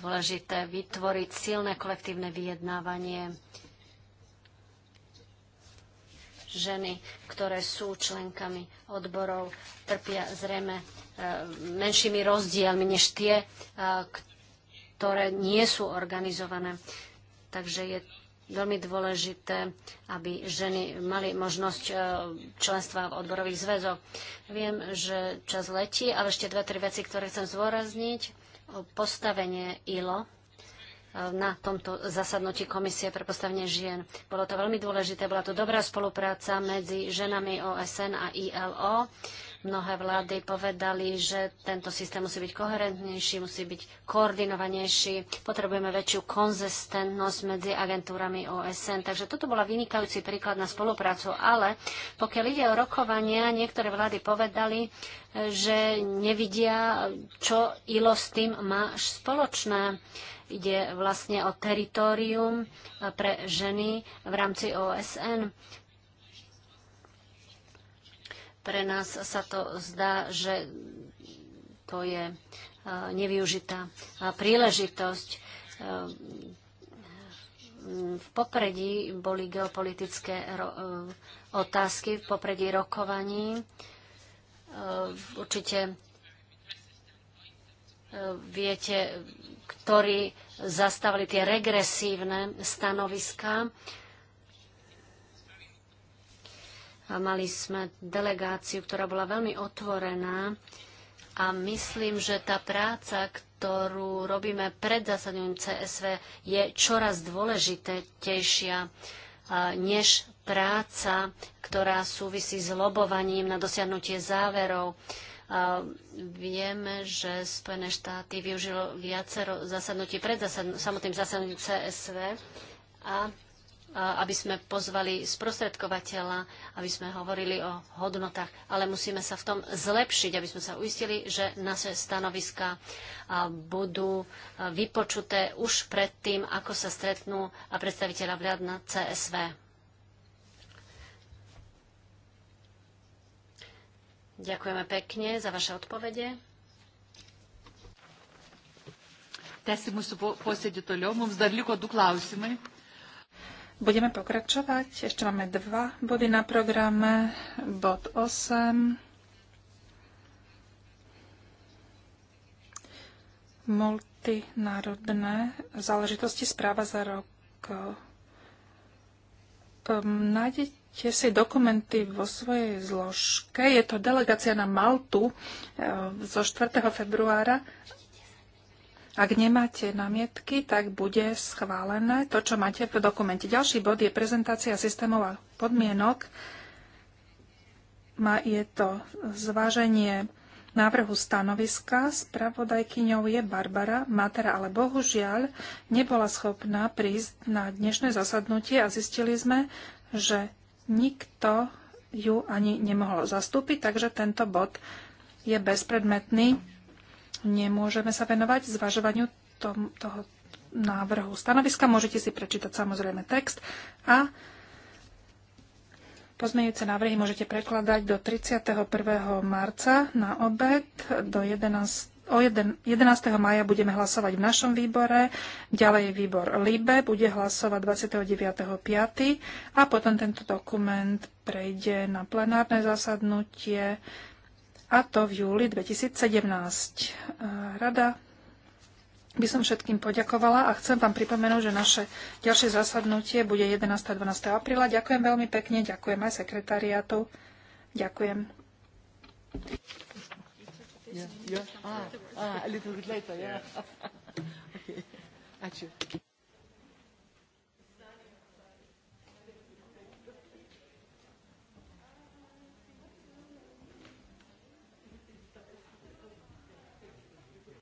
Dôležité vytvoriť silné kolektívne vyjednávanie ženy, ktoré sú členkami odborov, trpia zrejme e, menšími rozdielmi než tie, e, ktoré nie sú organizované. Takže je veľmi dôležité, aby ženy mali možnosť e, členstva v odborových zväzoch. Viem, že čas letí, ale ešte dve, tri veci, ktoré chcem zvorazniť. Postavenie ILO na tomto zasadnutí Komisie pre postavenie žien. Bolo to veľmi dôležité, bola to dobrá spolupráca medzi ženami OSN a ILO. Mnohé vlády povedali, že tento systém musí byť koherentnejší, musí byť koordinovanejší, potrebujeme väčšiu konzistentnosť medzi agentúrami OSN. Takže toto bola vynikajúci príklad na spoluprácu, ale pokiaľ ide o rokovania, niektoré vlády povedali, že nevidia, čo ILO s tým má spoločné Ide vlastne o teritorium e, pre ženy v rámci OSN. Pre nás sa to zdá, že to je e, nevyužitá e, príležitosť. V popredí boli geopolitické otázky, v popredí rokovaní. Určite viete ktorí zastavili tie regresívne stanoviská. A mali sme delegáciu, ktorá bola veľmi otvorená a myslím, že tá práca, ktorú robíme pred zasadením CSV, je čoraz dôležitejšia než práca, ktorá súvisí s lobovaním na dosiahnutie záverov. Vieme, že Spojené štáty využilo viacero zasadnutí pred zasadn- samotným zasadnutím CSV a aby sme pozvali sprostredkovateľa, aby sme hovorili o hodnotách, ale musíme sa v tom zlepšiť, aby sme sa uistili, že naše stanoviska budú vypočuté už pred tým, ako sa stretnú a predstaviteľa vľad na CSV. Ďakujeme pekne za vaše odpovede. Tęsim mūsų posėdį toliau. Mums dar liko du klausimai. Budeme pokračovať. Ešte máme dva body na programe. Bod 8. Multinárodné záležitosti správa za rok. Ehm, nájdete si dokumenty vo svojej zložke. Je to delegácia na Maltu ehm, zo 4. februára ak nemáte namietky, tak bude schválené to, čo máte v dokumente. Ďalší bod je prezentácia systémov a podmienok. Je to zváženie návrhu stanoviska. Spravodajkyňou je Barbara Matera, ale bohužiaľ nebola schopná prísť na dnešné zasadnutie a zistili sme, že nikto ju ani nemohol zastúpiť, takže tento bod je bezpredmetný nemôžeme sa venovať zvažovaniu tom, toho návrhu stanoviska. Môžete si prečítať samozrejme text a pozmeňujúce návrhy môžete prekladať do 31. marca na obed do 11 o 11. maja budeme hlasovať v našom výbore, ďalej výbor LIBE bude hlasovať 29.5. a potom tento dokument prejde na plenárne zasadnutie a to v júli 2017. E, Rada by som všetkým poďakovala a chcem vám pripomenúť, že naše ďalšie zasadnutie bude 11. a 12. apríla. Ďakujem veľmi pekne, ďakujem aj sekretariátu. Ďakujem. Yeah, yeah. Ah, ah, a little bit later, yeah. yeah. okay. Actually.